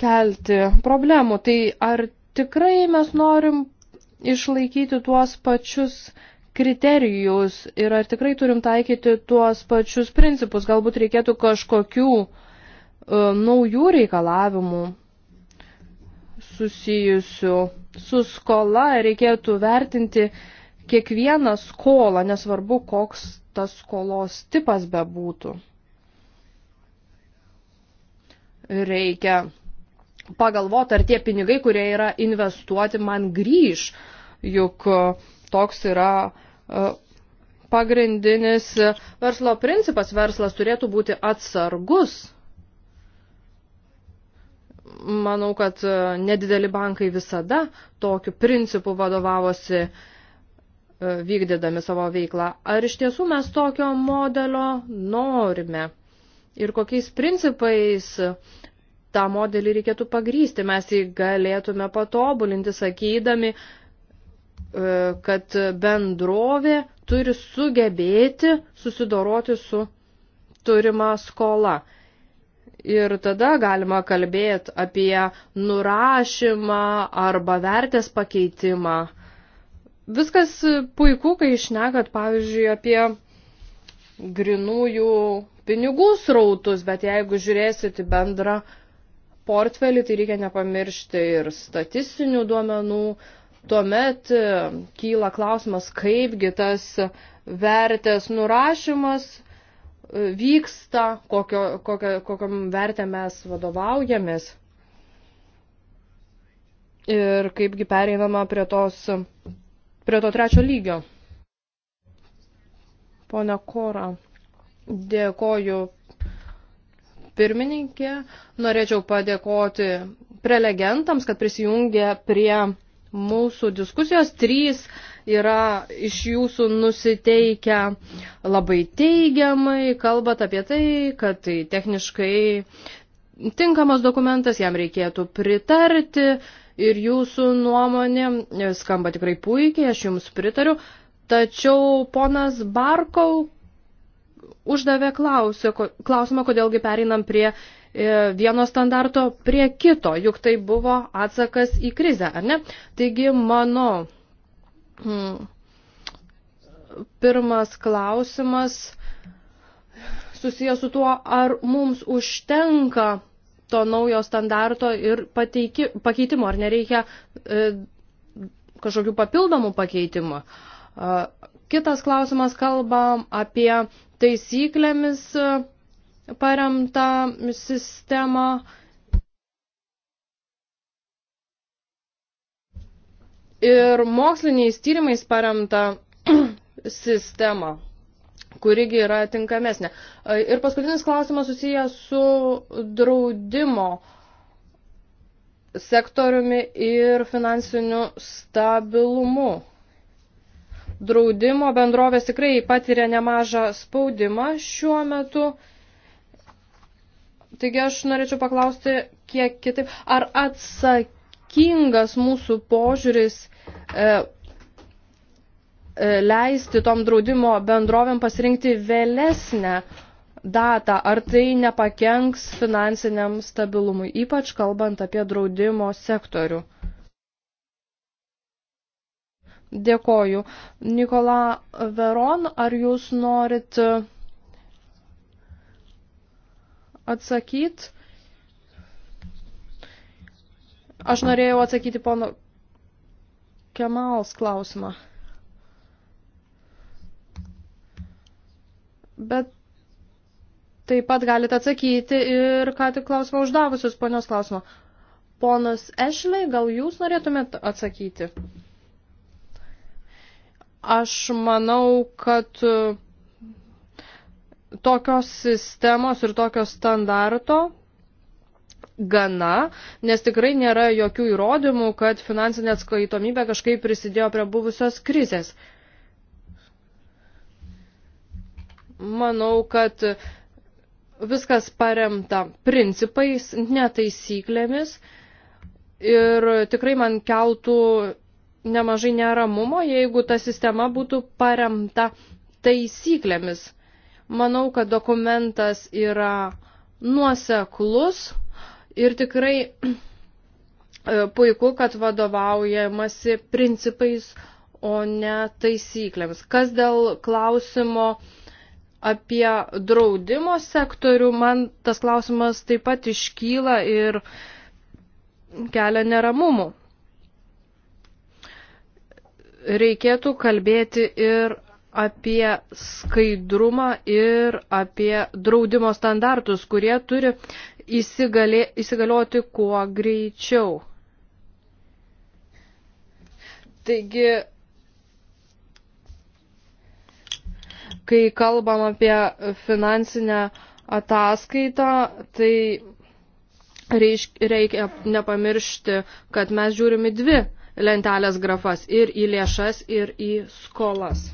kelti problemų. Tai ar tikrai mes norim išlaikyti tuos pačius kriterijus ir ar tikrai turim taikyti tuos pačius principus, galbūt reikėtų kažkokių e, naujų reikalavimų susijusių su skola, reikėtų vertinti kiekvieną skolą, nesvarbu, koks tas skolos tipas bebūtų. Reikia pagalvoti, ar tie pinigai, kurie yra investuoti, man grįž, juk toks yra pagrindinis verslo principas. Verslas turėtų būti atsargus. Manau, kad nedideli bankai visada tokiu principu vadovavosi vykdydami savo veiklą. Ar iš tiesų mes tokio modelio norime? Ir kokiais principais tą modelį reikėtų pagrysti, mes jį galėtume patobulinti, sakydami, E, kad bendrovė turi sugebėti susidoroti su turima skola. Ir tada galima kalbėti apie nurašymą arba vertės pakeitimą. Viskas puiku, kai išnekat, pavyzdžiui, apie grinųjų pinigų srautus, bet jeigu žiūrėsit į bendrą portfelį, tai reikia nepamiršti ir statistinių duomenų, tuomet e, kyla klausimas, kaipgi tas vertės nurašymas e, vyksta, kokio, kokio, kokiam vertėm mes vadovaujamės ir kaipgi pereinama prie, tos, prie to trečio lygio. Pone Kora, dėkoju pirmininkė, norėčiau padėkoti prelegentams, kad prisijungė prie mūsų diskusijos, trys yra iš jūsų nusiteikę labai teigiamai, kalbat apie tai, kad tai techniškai tinkamas dokumentas, jam reikėtų pritarti ir jūsų nuomonė skamba tikrai puikiai, aš jums pritariu. Tačiau ponas Barkau uždavė klausimą, kodėlgi pereinam prie E, vieno standarto prie kito, juk tai buvo atsakas į krizę, ar ne? Taigi mano hmm, pirmas klausimas susijęs su tuo, ar mums užtenka to naujo standarto ir pateiki, pakeitimo, ar nereikia e, kažkokių papildomų pakeitimų. E, kitas klausimas kalbam apie taisyklėmis. E, paremtą sistemą. Ir moksliniais tyrimais paremtą sistemą, kurigi yra tinkamesnė. Ir paskutinis klausimas susijęs su draudimo sektoriumi ir finansiniu stabilumu. Draudimo bendrovės tikrai patiria nemažą spaudimą šiuo metu. Taigi aš norėčiau paklausti, kiek kitaip, ar atsakingas mūsų požiūris e, e, leisti tom draudimo bendrovėm pasirinkti vėlesnę datą, ar tai nepakenks finansiniam stabilumui, ypač kalbant apie draudimo sektorių. Dėkoju. Nikola Veron, ar jūs norit atsakyti. Aš norėjau atsakyti pono Kemals klausimą. Bet taip pat galite atsakyti ir ką tik klausimą uždavusius ponios klausimą. Ponas Ešlei, gal jūs norėtumėt atsakyti? Aš manau, kad tokios sistemos ir tokio standarto gana, nes tikrai nėra jokių įrodymų, kad finansinė atskaitomybė kažkaip prisidėjo prie buvusios krizės. Manau, kad viskas paremta principais, netaisyklėmis ir tikrai man keltų nemažai neramumo, jeigu ta sistema būtų paremta taisyklėmis Manau, kad dokumentas yra nuoseklus ir tikrai e, puiku, kad vadovaujamasi principais, o ne taisyklėms. Kas dėl klausimo apie draudimo sektorių, man tas klausimas taip pat iškyla ir kelia neramumų. Reikėtų kalbėti ir apie skaidrumą ir apie draudimo standartus, kurie turi įsigali, įsigalioti kuo greičiau. Taigi, kai kalbam apie finansinę ataskaitą, tai reikia nepamiršti, kad mes žiūrim į dvi lentelės grafas ir į lėšas, ir į skolas.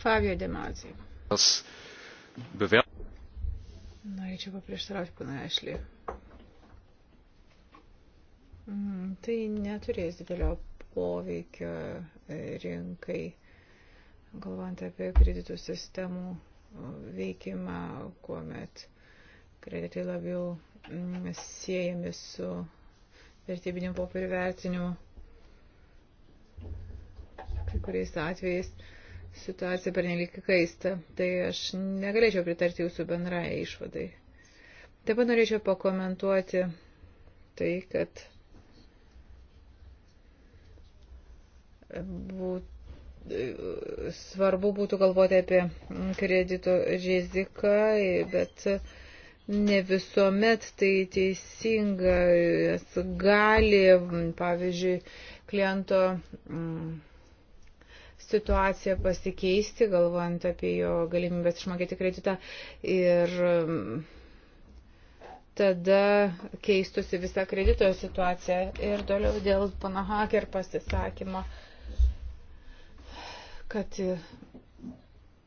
Fabio Demazė. Norėčiau paprieštarauti, pana Ešlį. Mm, tai neturės didelio poveikio e, rinkai, galvant apie kreditų sistemų e, veikimą, kuomet kreditai labiau mm, siejami su vertybiniu popieriu vertinimu. Kai kuriais atvejais situacija pernelyg kaista, tai aš negalėčiau pritarti jūsų bendrai išvadai. Taip pat norėčiau pakomentuoti tai, kad būtų svarbu būtų galvoti apie kredito riziką, bet ne visuomet tai teisinga, gali, pavyzdžiui, kliento. Mm, situaciją pasikeisti, galvojant apie jo galimybės išmokėti kreditą. Ir mm, tada keistusi visa kredito situacija. Ir toliau dėl pana Hager pasisakymo, kad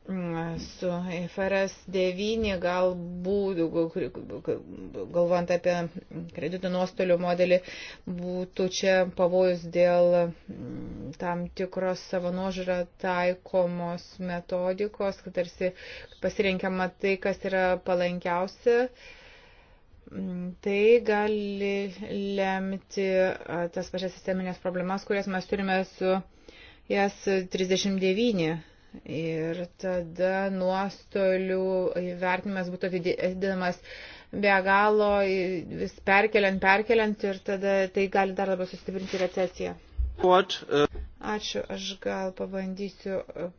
su IFRS 9 galbūt, galvant apie kredito nuostolių modelį, būtų čia pavojus dėl mm, tam tikros savanožiūrą taikomos metodikos, kad tarsi pasirinkiama tai, kas yra palankiausia. Mm, tai gali lemti tas pačias sisteminės problemas, kurias mes turime su jas 39 Ir tada nuostolių įvertinimas būtų atidinamas be galo, vis perkeliant, perkeliant ir tada tai gali dar labiau sustiprinti recesiją. Uh, Ačiū, aš gal pabandysiu uh,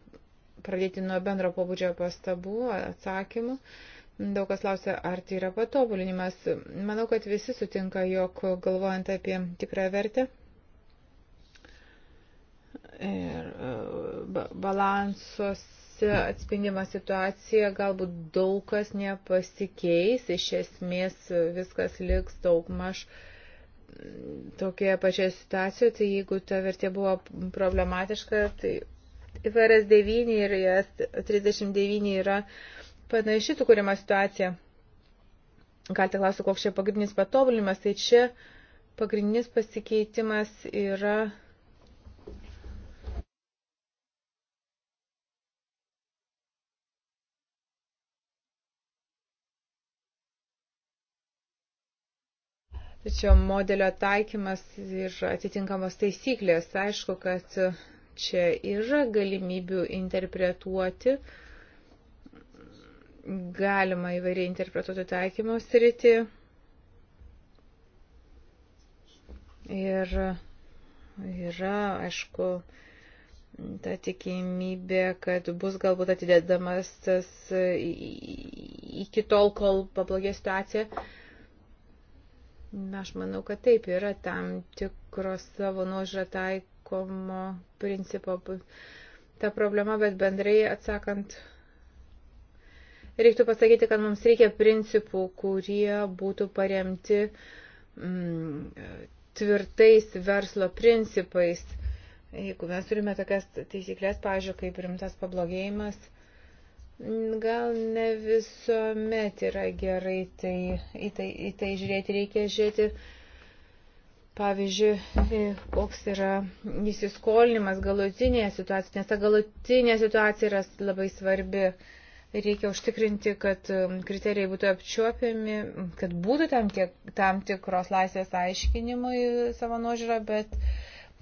pradėti nuo bendro pobūdžio pastabų, atsakymų. Daug kas klausia, ar tai yra patobulinimas. Manau, kad visi sutinka, jog galvojant apie tikrą vertę ir uh, balansuose atspindima situacija, galbūt daug kas nepasikeis, iš esmės viskas liks daug maž tokioje pačioje situacijoje, tai jeigu ta vertė buvo problematiška, tai IFRS 9 ir IS 39 yra panaši sukūrima situacija. Galite klausyti, koks čia pagrindinis patobulimas, tai čia pagrindinis pasikeitimas yra Tačiau modelio taikymas ir atitinkamos taisyklės, aišku, kad čia yra galimybių interpretuoti, galima įvairiai interpretuoti taikymo sritį. Ir yra, aišku, ta tikimybė, kad bus galbūt atidedamas tas iki tol, kol pablogės situacija. Na, aš manau, kad taip yra tam tikros savo nuožą taikomo principo ta problema, bet bendrai atsakant, reiktų pasakyti, kad mums reikia principų, kurie būtų paremti mm, tvirtais verslo principais. Jeigu mes turime tokias taisyklės, pažiūrėjau, kaip rimtas pablogėjimas, Gal ne visuomet yra gerai tai, į, tai, į tai žiūrėti, reikia žiūrėti, pavyzdžiui, koks yra įsiskolinimas galutinėje situacijoje, nes ta galutinė situacija yra labai svarbi. Reikia užtikrinti, kad um, kriterijai būtų apčiuopiami, kad būtų tam, tiek, tam tikros laisvės aiškinimui savo nuožiūrą, bet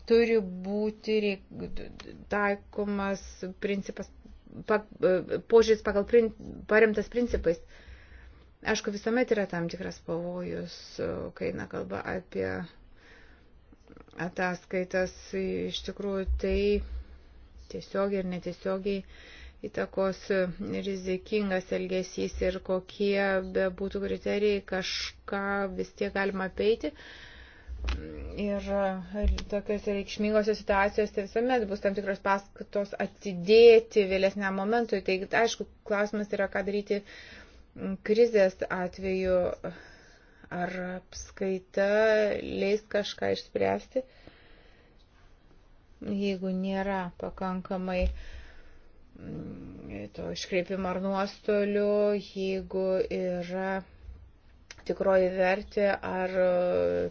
turi būti reik, taikomas principas E, požiūris pagal prin, paremtas principais. Aišku, visuomet yra tam tikras pavojus, e, kai eina kalba apie ataskaitas, iš tikrųjų tai tiesiogiai ir netiesiogiai įtakos rizikingas elgesys ir kokie be būtų kriterijai, kažką vis tiek galima peiti. Uh, Ir e, tokiuose reikšmingose situacijose visuomet bus tam tikros paskatos atidėti vėlesniam momentui. Tai aišku, klausimas yra, ką daryti krizės atveju. Ar apskaita leis kažką išspręsti, jeigu nėra pakankamai to iškreipimo ar nuostolių, jeigu yra tikroji vertė ar e,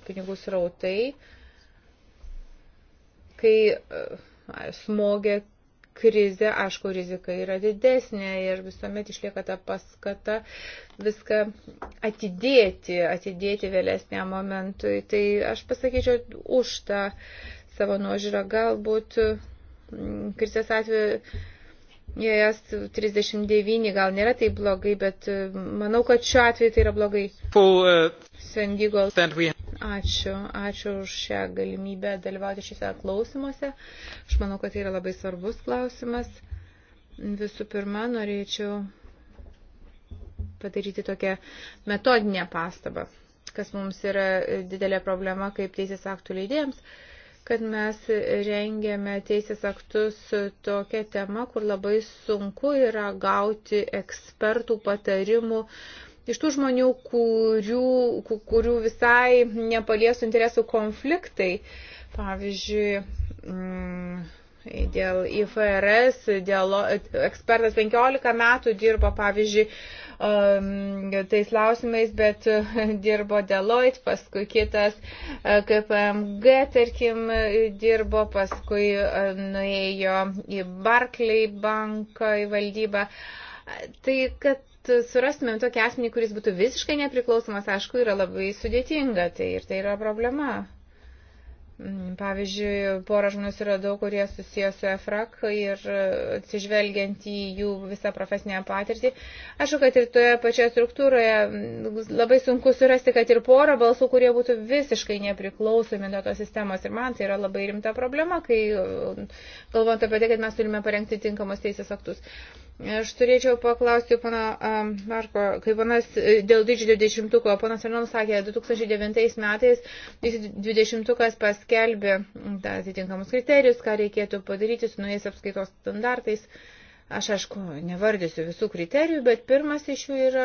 pinigų srautai, kai e, smogia krizė, aišku, rizika yra didesnė ir visuomet išlieka ta paskata viską atidėti, atidėti vėlesniam momentui. Tai aš pasakyčiau už tą savo nuožiūrą galbūt mm, krizės atveju Jas 39 gal nėra taip blogai, bet e, manau, kad šiuo atveju tai yra blogai. E, Sendigo. Ačiū, ačiū už šią galimybę dalyvauti šiuose klausimuose. Aš manau, kad tai yra labai svarbus klausimas. Visų pirma, norėčiau padaryti tokią metodinę pastabą, kas mums yra didelė problema kaip teisės aktų leidėjams. Uh, kad mes rengiame teisės aktus tokią temą, kur labai sunku yra gauti ekspertų patarimų iš tų žmonių, kurių, kurių visai nepaliesų interesų konfliktai. Pavyzdžiui, mm, dėl IFRS, dėl, ekspertas 15 metų dirbo, pavyzdžiui, Um, tais klausimais, bet uh, dirbo Deloitte, paskui kitas uh, KPMG, tarkim, dirbo, paskui uh, nuėjo į Barclay banką, į valdybą. Tai, kad surastumėm tokį asmenį, kuris būtų visiškai nepriklausomas, aišku, yra labai sudėtinga, tai ir tai yra problema. Mm, pavyzdžiui, pora žmonių yra daug, kurie susiję su EFRAK ir e, atsižvelgiant į jų visą profesinę patirtį. Ašku, kad ir toje pačioje struktūroje mm, labai sunku surasti, kad ir pora balsų, kurie būtų visiškai nepriklausomi nuo tos sistemos. Ir man tai yra labai rimta problema, kai mm, galvant apie tai, kad mes turime parengti tinkamus teisės aktus. Aš turėčiau paklausti pana Marko, kai panas e, dėl didžiojo dešimtuko, panas Arnom sakė, 2009 metais jis dvidešimtukas paskelbė atitinkamus kriterijus, ką reikėtų padaryti su naujais apskaitos standartais. Uh, Aš aišku, nevardysiu visų kriterijų, bet pirmas iš jų yra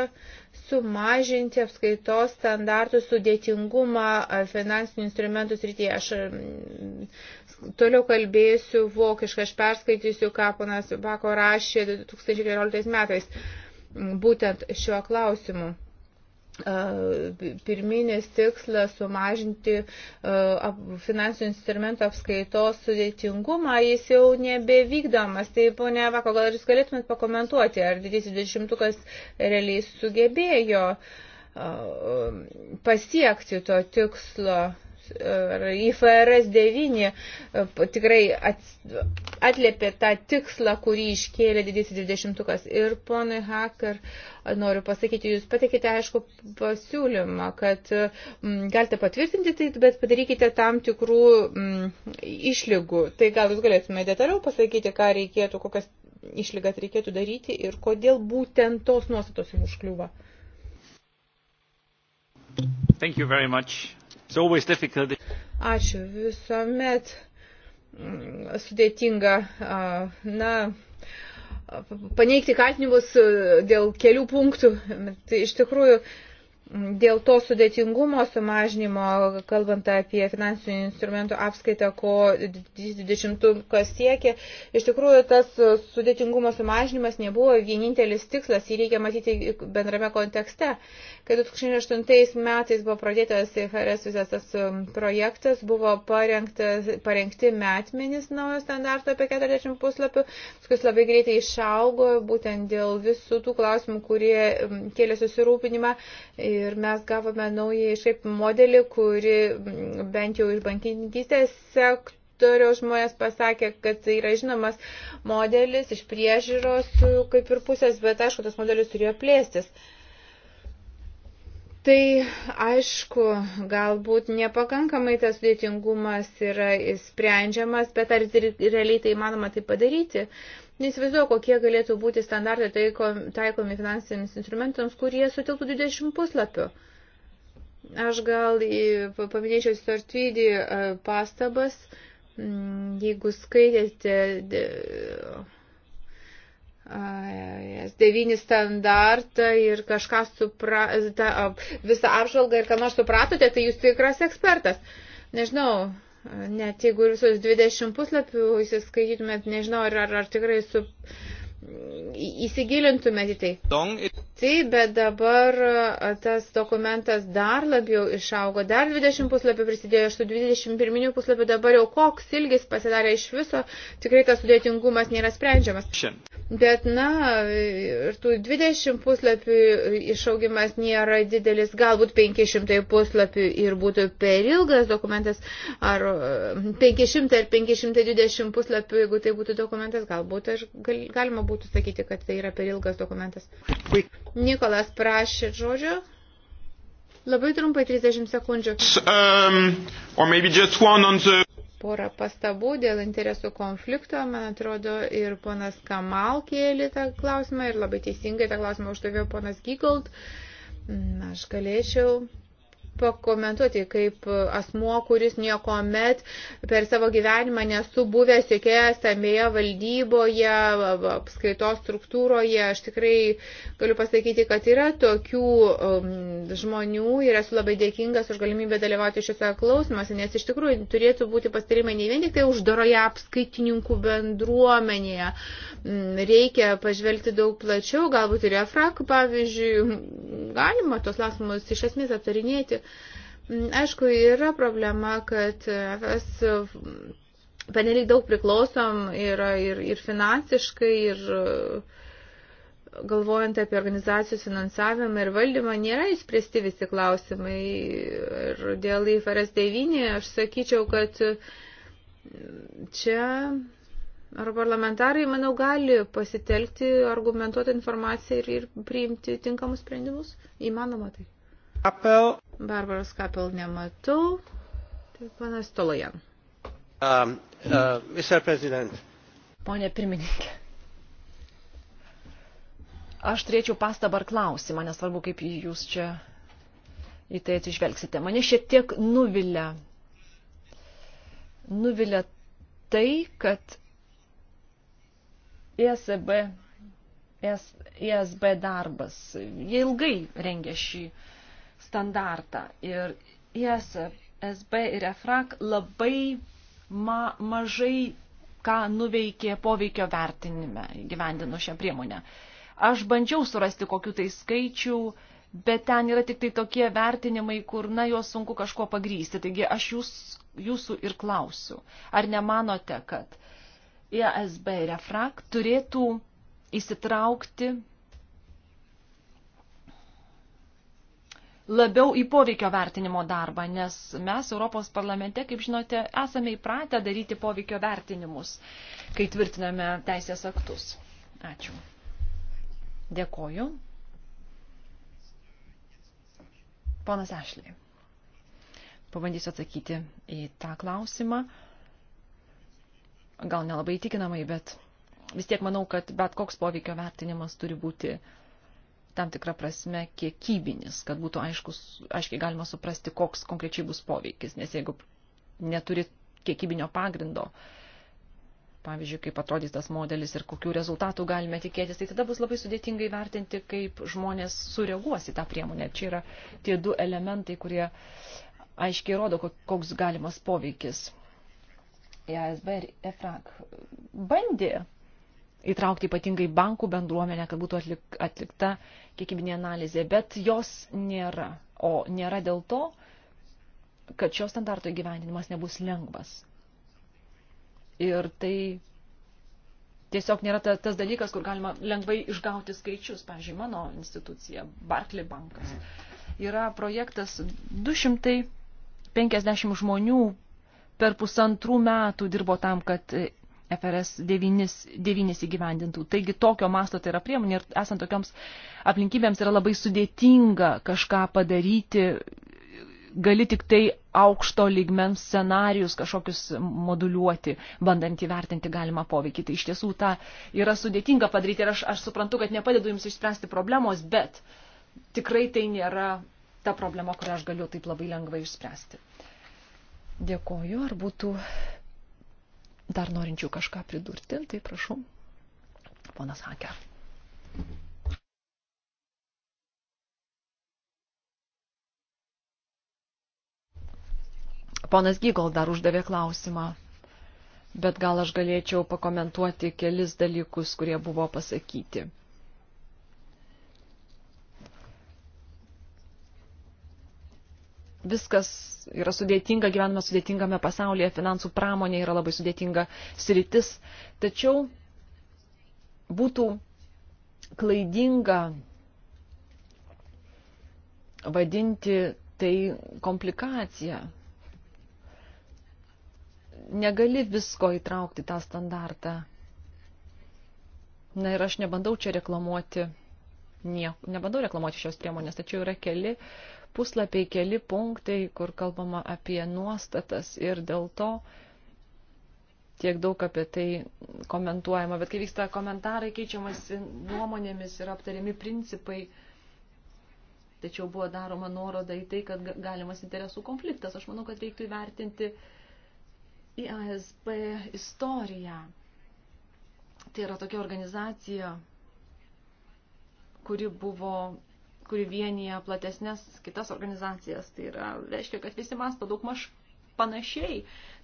sumažinti apskaitos standartų sudėtingumą finansinių instrumentų srityje. Aš toliau kalbėsiu vokiškai, aš perskaitysiu, ką ponas Bako rašė 2014 metais būtent šiuo klausimu pirminis tikslas sumažinti finansinių instrumentų apskaitos sudėtingumą, jis jau nebevykdomas. Tai, ponia Vako, gal jūs galėtumėt pakomentuoti, ar didysis dešimtukas realiai sugebėjo pasiekti to tikslo, IFRS 9 e, tikrai atlėpė tą tikslą, kurį iškėlė didysis 20-ukas. Ir ponai Hacker, noriu pasakyti, jūs patikite aišku pasiūlymą, kad e, m, galite patvirtinti tai, bet padarykite tam tikrų m, išlygų. Tai gal jūs galėtumėte detaliau pasakyti, ką reikėtų, kokias išlygas reikėtų daryti ir kodėl būtent tos nuostatos jums užkliūva. Thank you very much. Ačiū visuomet mm, sudėtinga. Na, paneigti kaltinimus e, dėl kelių punktų. Tai iš tikrųjų dėl to sudėtingumo sumažinimo, kalbant apie finansinių instrumentų apskaitą, ko 20 siekia, iš tikrųjų tas sudėtingumo sumažinimas nebuvo vienintelis tikslas, jį reikia matyti bendrame kontekste. Kai 2008 metais buvo pradėtas IFRS visas tas um, projektas, buvo parengti metmenis naujo standarto apie 40 puslapių, kuris labai greitai išaugo būtent dėl visų tų klausimų, kurie um, kėlė susirūpinimą. Ir Ir mes gavome naują išaip modelį, kuri bent jau iš bankininkystės sektoriaus žmonės pasakė, kad tai yra žinomas modelis iš priežiūros e, kaip ir pusės, bet aišku, tas modelis turėjo plėstis. Tai aišku, galbūt nepakankamai tas sudėtingumas yra sprendžiamas, bet ar realiai tai įmanoma tai padaryti? Uh, Neįsivaizduoju, kokie galėtų būti standartai taiko, taikomi finansiniams instrumentams, kurie sutiltų 20 puslapių. Aš gal paminėčiau Sartvydį e, pastabas, mm, jeigu skaitėte S9 standartą ir kažką supra, visą apžvalgą ir ką nors supratote, tai jūs tikras ekspertas. Nežinau, net jeigu ir visus 20 puslapių įsiskaitytumėt, nežinau, ar, ar, ar tikrai su, įsigilintumėte į tai. Taip, bet dabar tas dokumentas dar labiau išaugo, dar 20 puslapių prisidėjo, aš su 21 puslapių dabar jau koks ilgis pasidarė iš viso, tikrai tas sudėtingumas nėra sprendžiamas. Bet, na, ir tų 20 puslapių išaugimas nėra didelis, galbūt 500 puslapių ir būtų per ilgas dokumentas, ar 500 ar 520 puslapių, jeigu tai būtų dokumentas, galbūt aš, gal, galima būtų sakyti, kad tai yra per ilgas dokumentas. Nikolas prašė žodžio. Labai trumpai 30 sekundžių. Um, the... Porą pastabų dėl interesų konflikto, man atrodo, ir ponas Kamal kėlė tą klausimą ir labai teisingai tą klausimą uždavė ponas Gygold. Mm, aš galėčiau pakomentuoti kaip asmuo, kuris nieko met per savo gyvenimą nesu buvęs jokioje stambėje valdyboje, apskaitos struktūroje. Aš tikrai galiu pasakyti, kad yra tokių um, žmonių ir esu labai dėkingas už galimybę dalyvauti šiuose klausimuose, nes iš tikrųjų turėtų būti pastarimai ne vien tik tai uždaroje apskaitininkų bendruomenėje. Mm, reikia pažvelgti daug plačiau, galbūt ir refrak, pavyzdžiui, galima tos klausimus iš esmės aptarinėti Mm, aišku, yra problema, kad FS e, e, panelyg daug priklausom ir, ir, ir finansiškai, ir e, galvojant apie organizacijų finansavimą ir valdymą, nėra įspręsti visi klausimai. Ir dėl IFRS 9 aš sakyčiau, kad čia ar parlamentarai, manau, gali pasitelkti argumentuotą informaciją ir, ir priimti tinkamus sprendimus. Įmanoma tai. Kapel. Barbaros Kapel nematau. Tai panas Tolojan. Um, uh, Mr. President. Pone pirmininkė. Aš turėčiau pastabą ar klausimą, nesvarbu, kaip jūs čia į tai atsižvelgsite. Mane šiek tiek nuvilia. Nuvilia tai, kad ESB, ES, ESB darbas. Jie ilgai rengė šį uh, standartą. Ir ISB ir EFRAK labai ma mažai ką nuveikė poveikio vertinime, gyvendino šią priemonę. Aš bandžiau surasti kokių tai skaičių, bet ten yra tik tai tokie vertinimai, kur, na, juos sunku kažkuo pagrysti. Taigi aš jūs, jūsų ir klausiu, ar nemanote, kad IASB ir EFRAK turėtų įsitraukti labiau į poveikio vertinimo darbą, nes mes Europos parlamente, kaip žinote, esame įpratę daryti poveikio vertinimus, kai tvirtiname teisės aktus. Ačiū. Dėkoju. Ponas Ešlė. Pabandysiu atsakyti į tą klausimą. Gal nelabai įtikinamai, bet vis tiek manau, kad bet koks poveikio vertinimas turi būti uh, tam tikrą prasme kiekybinis, kad būtų aiškus, aiškiai galima suprasti, koks konkrečiai bus poveikis, nes jeigu neturi kiekybinio pagrindo, pavyzdžiui, kaip atrodys tas modelis ir kokių rezultatų galime tikėtis, tai tada bus labai sudėtingai vertinti, kaip žmonės sureaguos į tą priemonę. Čia yra tie du elementai, kurie aiškiai rodo, koks galimas poveikis. ESB ir EFRAG bandė įtraukti ypatingai bankų bendruomenę, kad būtų atlik, atlikta kiekybinė analizė, bet jos nėra. O nėra dėl to, kad šio standarto įgyvendinimas nebus lengvas. Ir tai tiesiog nėra ta, tas dalykas, kur galima lengvai išgauti skaičius. Pavyzdžiui, mano institucija, Barkley bankas, yra projektas 250 žmonių per pusantrų metų dirbo tam, kad FRS 9, 9 įgyvendintų. Taigi tokio masto tai yra priemonė ir esant tokioms aplinkybėms yra labai sudėtinga kažką padaryti, gali tik tai aukšto lygmens scenarius kažkokius moduliuoti, bandant įvertinti galimą poveikį. Tai iš tiesų tą yra sudėtinga padaryti ir aš, aš suprantu, kad nepadedu jums išspręsti problemos, bet tikrai tai nėra ta problema, kurią aš galiu taip labai lengvai išspręsti. Dėkoju, ar būtų dar norinčių kažką pridurti, tai prašau, ponas Hakė. Ponas Gygol dar uždavė klausimą, bet gal aš galėčiau pakomentuoti kelis dalykus, kurie buvo pasakyti. viskas yra sudėtinga, gyvename sudėtingame pasaulyje, finansų pramonė yra labai sudėtinga sritis. Tačiau būtų klaidinga vadinti tai komplikacija. Negali visko įtraukti tą standartą. Na ir aš nebandau čia reklamuoti nieko, nebandau reklamuoti šios priemonės, tačiau yra keli puslapiai, keli punktai, kur kalbama apie nuostatas ir dėl to tiek daug apie tai komentuojama, bet kai vyksta komentarai, keičiamas nuomonėmis ir aptariami principai, tačiau buvo daroma nuoroda į tai, kad galimas interesų konfliktas. Aš manau, kad reiktų įvertinti IASB istoriją. Tai yra tokia organizacija, kuri buvo kuri vienyje platesnės kitas organizacijas. Tai yra, reiškia, kad visi masto daug maž panašiai.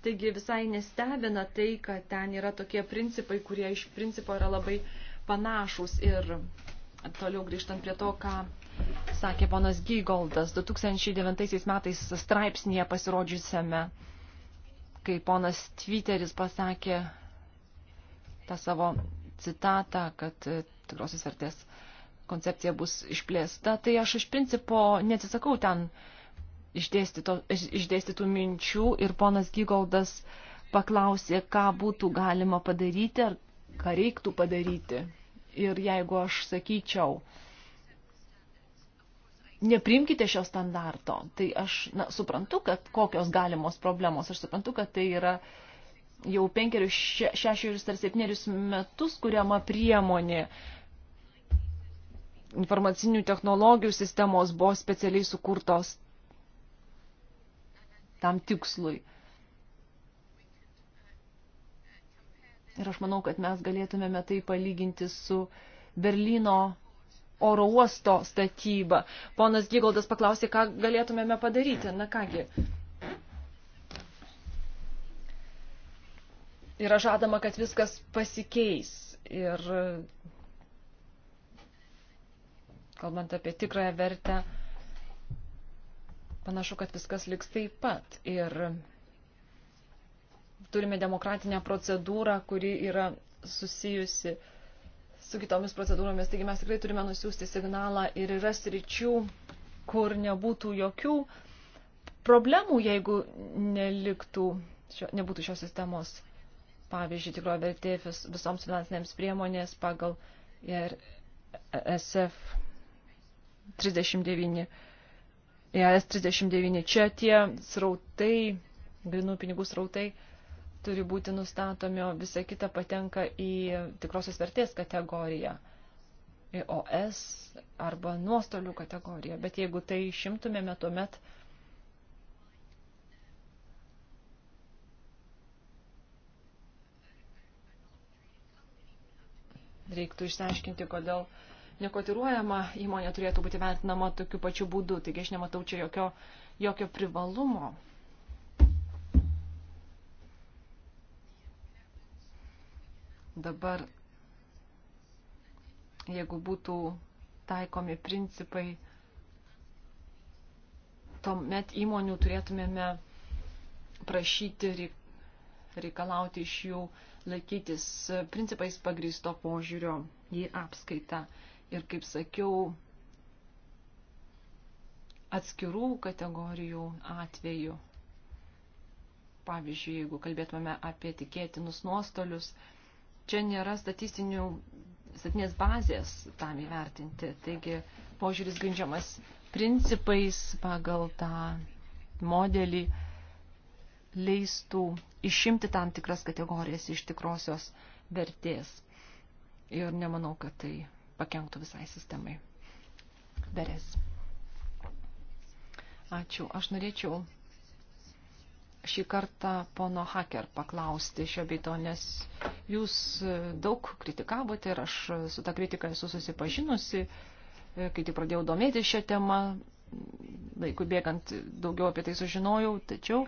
Taigi visai nestebina tai, kad ten yra tokie principai, kurie iš principo yra labai panašus. Ir toliau grįžtant prie to, ką sakė ponas Gygoldas 2009 metais straipsnėje pasirodžiusiame, kai ponas Twitteris pasakė tą savo citatą, kad tikrosios vertės koncepcija bus išplėsta, tai aš iš principo neatsisakau ten išdėstytų minčių ir ponas Gygoldas paklausė, ką būtų galima padaryti ar ką reiktų padaryti. Ir jeigu aš sakyčiau, neprimkite šio standarto, tai aš na, suprantu, kad kokios galimos problemos, aš suprantu, kad tai yra jau penkerius, šešerius ar septynerius metus kuriama priemonė, uh, informacinių technologijų sistemos buvo specialiai sukurtos tam tikslui. Ir aš manau, kad mes galėtumėme tai palyginti su Berlyno oro uosto statyba. Ponas Gygaldas paklausė, ką galėtumėme padaryti. Na kągi. Yra žadama, kad viskas pasikeis. Ir kalbant apie tikrąją vertę, panašu, kad viskas liks taip pat. Ir turime demokratinę procedūrą, kuri yra susijusi su kitomis procedūromis. Taigi mes tikrai turime nusiųsti signalą ir yra sričių, kur nebūtų jokių problemų, jeigu neliktų, šio, nebūtų šios sistemos. Pavyzdžiui, tikroji vertė visoms finansinėms priemonės pagal ir e SF 39, ES 39. Čia tie srautai, grinų pinigų srautai turi būti nustatomi, o visa kita patenka į tikrosios vertės kategoriją, į e OS arba nuostolių kategoriją. Bet jeigu tai išimtumėme, tuomet reiktų išsiaiškinti, kodėl uh, nekotiruojama įmonė turėtų būti vertinama tokiu pačiu būdu, taigi aš nematau čia jokio, jokio privalumo. Dabar, jeigu būtų taikomi principai, tuomet įmonių turėtumėme prašyti, reikalauti iš jų laikytis principais pagristo požiūrio į apskaitą ir, kaip sakiau, atskirų kategorijų atveju. Pavyzdžiui, jeigu kalbėtume apie tikėtinus nuostolius, čia nėra statistinių, statinės bazės tam įvertinti. Taigi, požiūris grindžiamas principais pagal tą modelį leistų išimti tam tikras kategorijas iš tikrosios vertės. Ir nemanau, kad tai pakenktų visai sistemai. Beres. Ačiū. Aš norėčiau šį kartą pono Haker paklausti šio beito, nes jūs daug kritikavote ir aš su tą kritiką esu susipažinusi, kai tik pradėjau domėti šią temą, laikui bėgant daugiau apie tai sužinojau, tačiau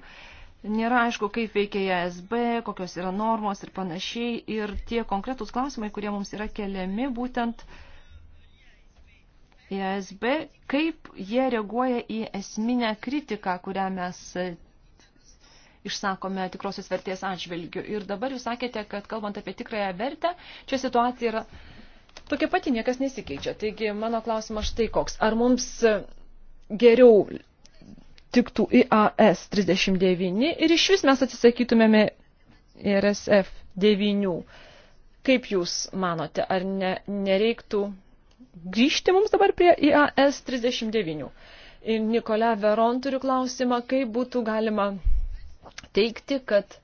Nėra aišku, kaip veikia ESB, kokios yra normos ir panašiai. Ir tie konkretūs klausimai, kurie mums yra keliami būtent ESB, kaip jie reaguoja į esminę kritiką, kurią mes išsakome tikrosios vertės atžvilgių. Ir dabar jūs sakėte, kad kalbant apie tikrąją vertę, čia situacija yra tokia pati, niekas nesikeičia. Taigi mano klausimas štai koks. Ar mums geriau tiktų IAS 39 ir iš vis mes atsisakytumėme RSF 9. Kaip Jūs manote, ar ne, nereiktų grįžti mums dabar prie IAS 39? Ir Nikola Veron turiu klausimą, kaip būtų galima teikti, kad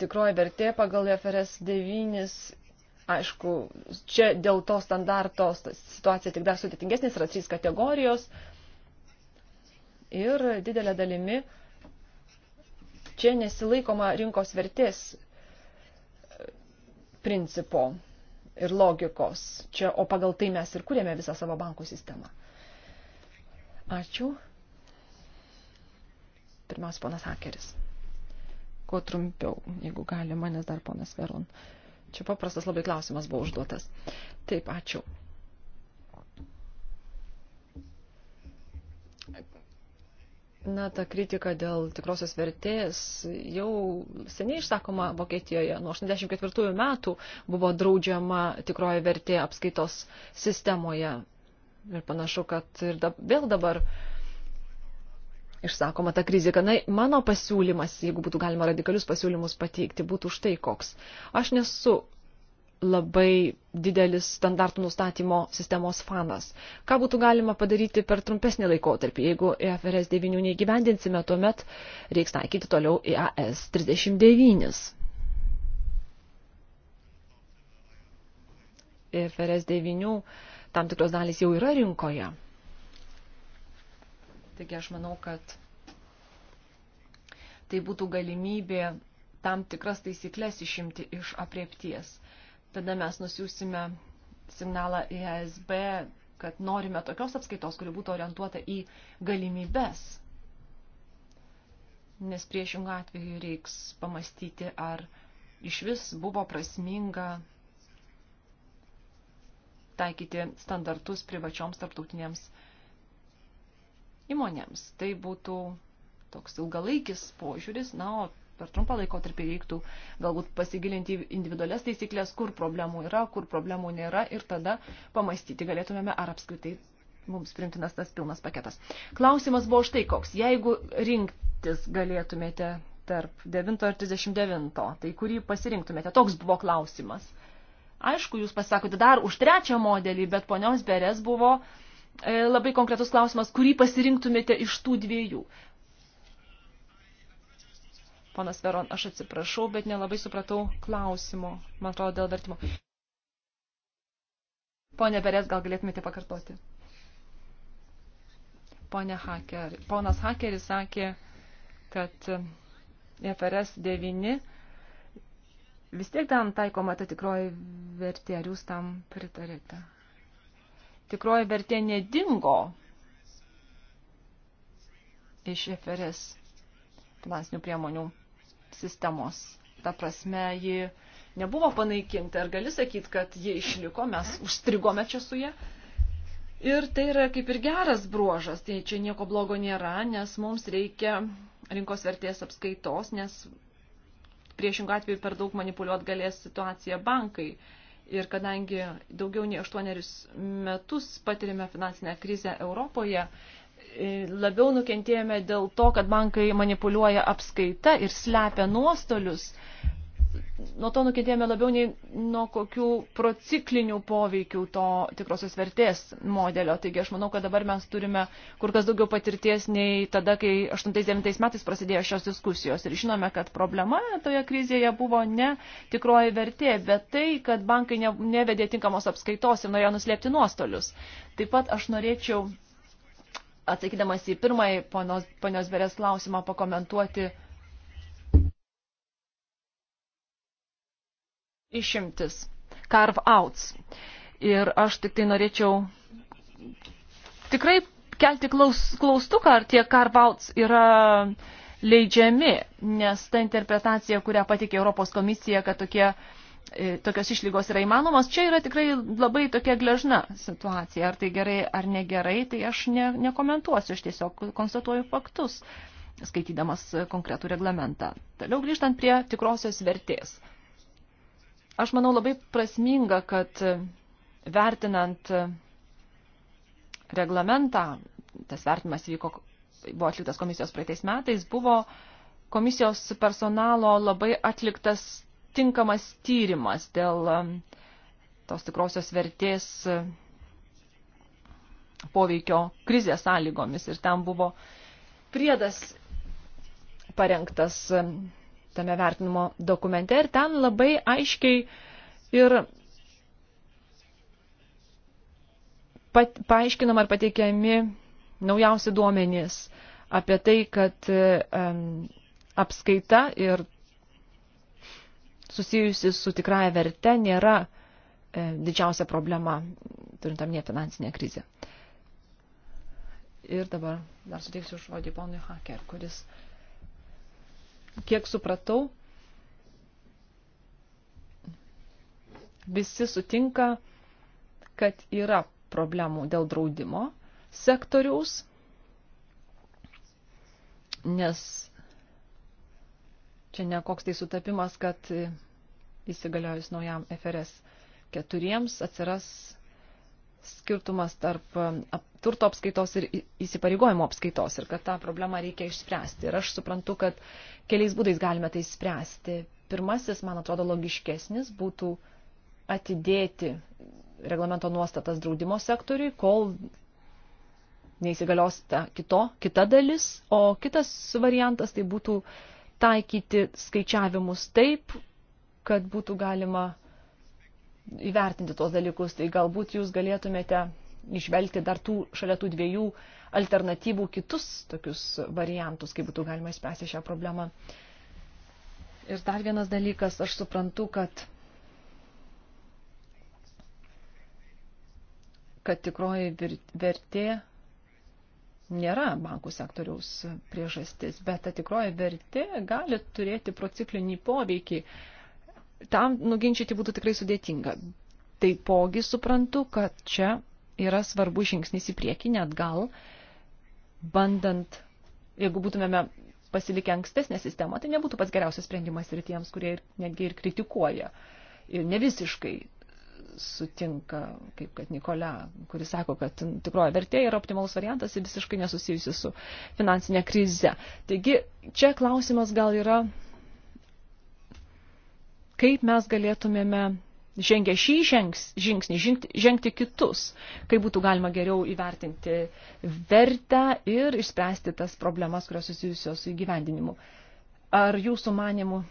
tikroji vertė pagal FRS 9 aišku, čia dėl to standarto situacija tik dar sudėtingesnė, yra trys kategorijos, ir didelė dalimi čia nesilaikoma rinkos vertės principo ir logikos. Čia, o pagal tai mes ir kūrėme visą savo bankų sistemą. Ačiū. Pirmiausia, ponas Hakeris. Kuo trumpiau, jeigu gali, manęs dar ponas Veron. Čia paprastas labai klausimas buvo užduotas. Taip, ačiū. Na, ta kritika dėl tikrosios vertės jau seniai išsakoma Vokietijoje. Nuo 84 metų buvo draudžiama tikroji vertė apskaitos sistemoje. Ir panašu, kad ir dab, vėl dabar išsakoma ta krizika. Na, mano pasiūlymas, jeigu būtų galima radikalius pasiūlymus pateikti, būtų štai koks. Aš nesu labai didelis standartų nustatymo sistemos fanas. Ką būtų galima padaryti per trumpesnį laikotarpį? Jeigu EFRS 9 neįgyvendinsime, tuomet reiks taikyti toliau EAS 39. EFRS 9 tam tikros dalys jau yra rinkoje. Taigi aš manau, kad tai būtų galimybė tam tikras taisyklės išimti iš apriepties tada mes nusiųsime signalą į ASB, kad norime tokios apskaitos, kuri būtų orientuota į galimybes. Nes priešingų atveju reiks pamastyti, ar iš vis buvo prasminga taikyti standartus privačioms tarptautinėms įmonėms. Tai būtų toks ilgalaikis požiūris, na, o per trumpą laikotarpį reiktų galbūt pasigilinti į individualias taisyklės, kur problemų yra, kur problemų nėra ir tada pamastyti galėtumėme, ar apskritai mums primtinas tas pilnas paketas. Klausimas buvo štai koks. Jeigu rinktis galėtumėte tarp 9 ir 39, tai kurį pasirinktumėte? Toks buvo klausimas. Aišku, jūs pasakote dar už trečią modelį, bet ponios Berės buvo e, labai konkretus klausimas, kurį pasirinktumėte iš tų dviejų. Ponas Veron, aš atsiprašau, bet nelabai supratau klausimo, man atrodo, dėl vertimo. Pone Berės, gal galėtumėte pakartoti? Pone Haker, ponas Hakeris sakė, kad e FRS 9 vis tiek tam taikoma ta tikroji vertė, ar jūs tam pritarėte? Tikroji vertė nedingo iš e FRS finansinių priemonių sistemos. Ta prasme, ji nebuvo panaikinta. Ar gali sakyti, kad ji išliko, mes užstrigome čia su ja? Ir tai yra kaip ir geras bruožas, tai čia nieko blogo nėra, nes mums reikia rinkos vertės apskaitos, nes priešingų atveju per daug manipuliuot galės situaciją bankai. Ir kadangi daugiau nei aštuonerius metus patirime finansinę krizę Europoje, E, labiau nukentėjome dėl to, kad bankai manipuliuoja apskaita ir slepia nuostolius. Nuo to nukentėjome labiau nei nuo kokių prociklinių poveikių to tikrosios vertės modelio. Taigi aš manau, kad dabar mes turime kur kas daugiau patirties nei tada, kai 89 metais prasidėjo šios diskusijos. Ir žinome, kad problema toje krizėje buvo ne tikroji vertė, bet tai, kad bankai nevedė tinkamos apskaitos ir norėjo nuslėpti nuostolius. Taip pat aš norėčiau atsakydamas į pirmąjį ponios, ponios Berės klausimą pakomentuoti išimtis, carve outs. Ir aš tik tai norėčiau tikrai kelti klaus, klaustuką, ar tie carve outs yra leidžiami, nes ta interpretacija, kurią patikė Europos komisija, kad tokie uh, E, tokios išlygos yra įmanomos. Čia yra tikrai labai tokia gležna situacija. Ar tai gerai ar negerai, tai aš ne, nekomentuosiu, aš tiesiog konstatuoju faktus, skaitydamas konkretų reglamentą. Toliau grįžtant prie tikrosios vertės. Aš manau labai prasminga, kad vertinant reglamentą, tas vertinimas vyko, buvo atliktas komisijos praeitais metais, buvo komisijos personalo labai atliktas tinkamas tyrimas dėl um, tos tikrosios vertės um, poveikio krizės sąlygomis. Ir ten buvo priedas parengtas um, tame vertinimo dokumente ir ten labai aiškiai ir pat, paaiškinama ir pateikiami naujausi duomenys apie tai, kad um, apskaita ir susijusi su tikrąją verte nėra e, didžiausia problema, turint omenyje finansinę krizę. Ir dabar dar suteiksiu žodį ponui Haker, kuris, kiek supratau, visi sutinka, kad yra problemų dėl draudimo sektoriaus, nes čia nekoks tai sutapimas, kad įsigaliojus naujam FRS 4 atsiras skirtumas tarp um, turto apskaitos ir įsipareigojimo apskaitos ir kad tą problemą reikia išspręsti. Ir aš suprantu, kad keliais būdais galime tai spręsti. Pirmasis, man atrodo, logiškesnis būtų atidėti reglamento nuostatas draudimo sektoriui, kol neįsigalios ta kito, kita dalis, o kitas variantas tai būtų taikyti skaičiavimus taip, kad būtų galima įvertinti tos dalykus. Tai galbūt jūs galėtumėte išvelgti dar tų, šalia tų dviejų alternatyvų kitus tokius variantus, kaip būtų galima įspręsti šią problemą. Ir dar vienas dalykas, aš suprantu, kad, kad tikroji vertė nėra bankų sektoriaus priežastis, bet ta tikroji vertė gali turėti prociklinį poveikį tam nuginčyti būtų tikrai sudėtinga. Taipogi suprantu, kad čia yra svarbu žingsnis į priekį, net gal, bandant, jeigu būtumėme pasilikę ankstesnę sistemą, tai nebūtų pats geriausias sprendimas ir tiems, kurie ir, netgi ir kritikuoja ir ne visiškai sutinka, kaip kad Nikolia, kuris sako, kad tikroji vertė yra optimalus variantas ir visiškai nesusijusi su finansinė krize. Taigi čia klausimas gal yra kaip mes galėtumėme žengę šį žengs, žingsnį, žengti, žengti kitus, kaip būtų galima geriau įvertinti vertę ir išspręsti tas problemas, kurios susijusios su įgyvendinimu. Ar jūsų manimu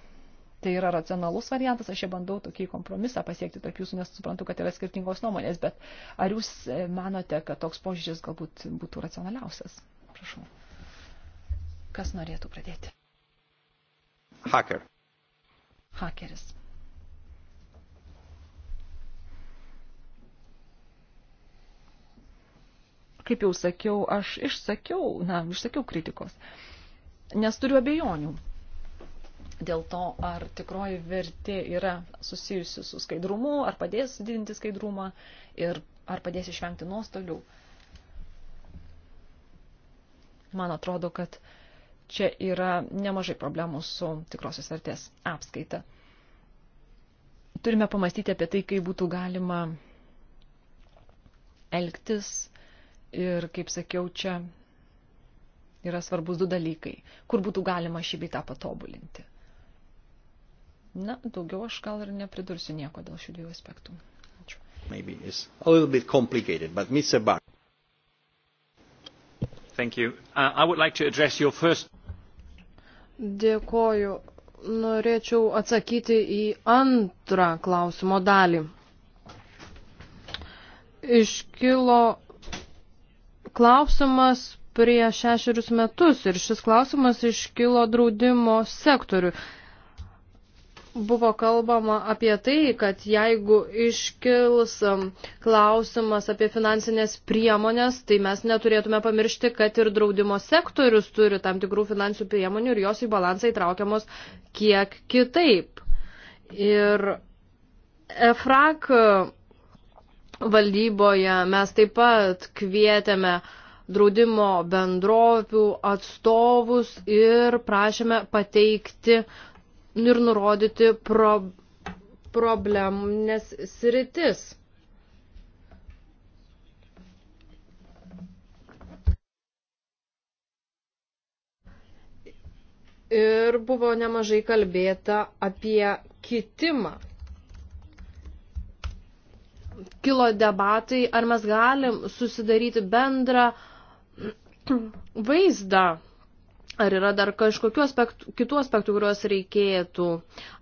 tai yra racionalus variantas, aš čia bandau tokį kompromisą pasiekti tarp jūsų, nes suprantu, kad yra skirtingos nuomonės, bet ar jūs e, manote, kad toks požiūris galbūt būtų racionaliausias? Prašau. Kas norėtų pradėti? Hacker. Hakeris. kaip jau sakiau, aš išsakiau, na, išsakiau kritikos, nes turiu abejonių dėl to, ar tikroji vertė yra susijusi su skaidrumu, ar padės didinti skaidrumą ir ar padės išvengti nuostolių. Man atrodo, kad čia yra nemažai problemų su tikrosios vertės apskaita. Turime pamastyti apie tai, kaip būtų galima elgtis Ir, kaip sakiau, čia yra svarbus du dalykai, kur būtų galima šį beitą patobulinti. Na, daugiau aš gal ir nepridursiu nieko dėl šių dviejų aspektų. Ačiū. Maybe it's a little bit complicated, but Mr. Bar. Thank you. Uh, I would like to address your first. Dėkoju. Norėčiau atsakyti į antrą klausimo dalį. Iškilo klausimas prieš šešerius metus ir šis klausimas iškilo draudimo sektoriui buvo kalbama apie tai, kad jeigu iškils um, klausimas apie finansinės priemonės, tai mes neturėtume pamiršti, kad ir draudimo sektorius turi tam tikrų finansinių priemonių ir jos į balansą įtraukiamos kiek kitaip. Ir EFRAK valdyboje mes taip pat kvietėme draudimo bendrovių atstovus ir prašėme pateikti ir nurodyti pro, probleminės sritis. ir buvo nemažai kalbėta apie kitimą kilo debatai, ar mes galim susidaryti bendrą vaizdą, ar yra dar kažkokių aspektų, kitų aspektų, kuriuos reikėtų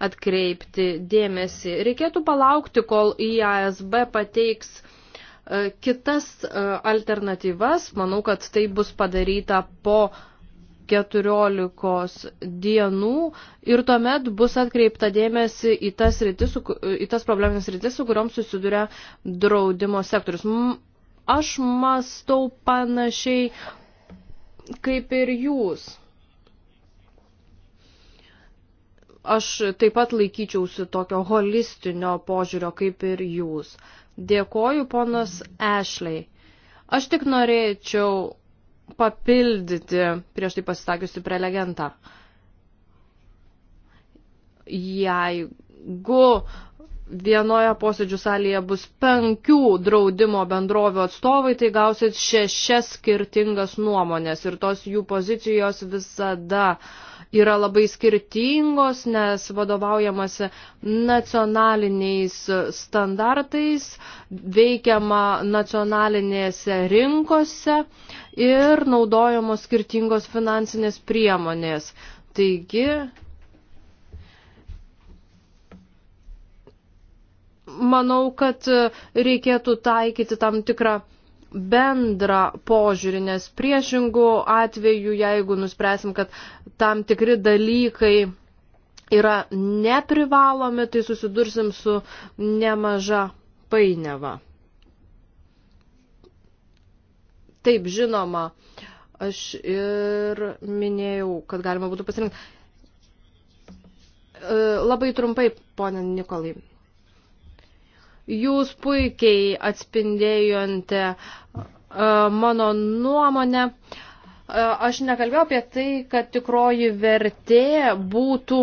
atkreipti dėmesį. Reikėtų palaukti, kol IASB pateiks e, kitas e, alternatyvas. Manau, kad tai bus padaryta po 14 dienų ir tuomet bus atkreipta dėmesį į tas, rytis, į tas probleminės rytis, su kuriuom susiduria draudimo sektorius. Aš mastau panašiai kaip ir jūs. Aš taip pat laikyčiausi tokio holistinio požiūrio kaip ir jūs. Dėkoju, ponas Ešlei. Aš tik norėčiau papildyti prieš tai pasisakiusi prelegentą. Jeigu vienoje posėdžių salėje bus penkių draudimo bendrovių atstovai, tai gausit šešias skirtingas nuomonės ir tos jų pozicijos visada yra labai skirtingos, nes vadovaujamasi nacionaliniais standartais, veikiama nacionalinėse rinkose ir naudojamos skirtingos finansinės priemonės. Taigi, manau, kad e, reikėtų taikyti tam tikrą bendrą požiūrį, nes priešingų atveju, jeigu nuspręsim, kad tam tikri dalykai yra neprivalomi, tai susidursim su nemaža painiava. Taip, žinoma, aš ir minėjau, kad galima būtų pasirinkti. E, labai trumpai, ponė Nikolai, Jūs puikiai atspindėjote e, mano nuomonę. E, aš nekalbėjau apie tai, kad tikroji vertė būtų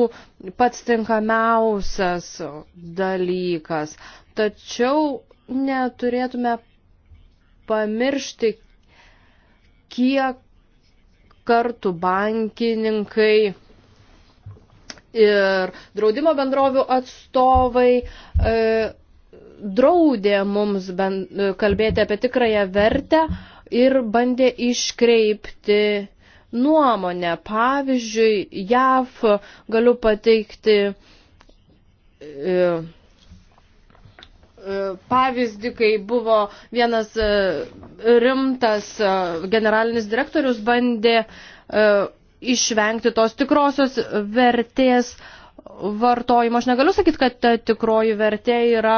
pats tinkamiausias dalykas. Tačiau neturėtume pamiršti, kiek kartų bankininkai ir draudimo bendrovių atstovai e, draudė mums bend, e, kalbėti apie tikrąją vertę ir bandė iškreipti nuomonę. Pavyzdžiui, JAV galiu pateikti e, e, pavyzdį, kai buvo vienas rimtas generalinis direktorius bandė išvengti tos tikrosios vertės uh, vartojimo. Aš negaliu sakyti, kad ta tikroji vertė yra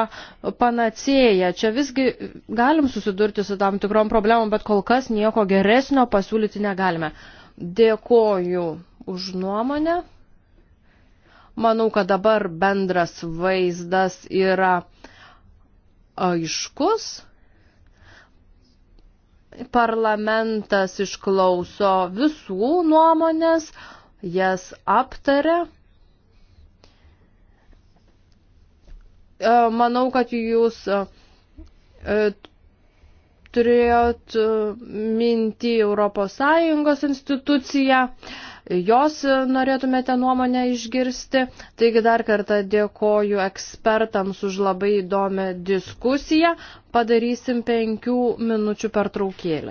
panacėja. Čia visgi galim susidurti su tam tikrom problemom, bet kol kas nieko geresnio pasiūlyti negalime. Dėkoju už nuomonę. Manau, kad dabar bendras vaizdas yra aiškus. Parlamentas išklauso visų nuomonės, jas aptarė. E, manau, kad jūs e, e, turėjot minti Europos Sąjungos instituciją, jos norėtumėte nuomonę išgirsti. Taigi dar kartą dėkoju ekspertams už labai įdomią diskusiją. Padarysim penkių minučių pertraukėlę.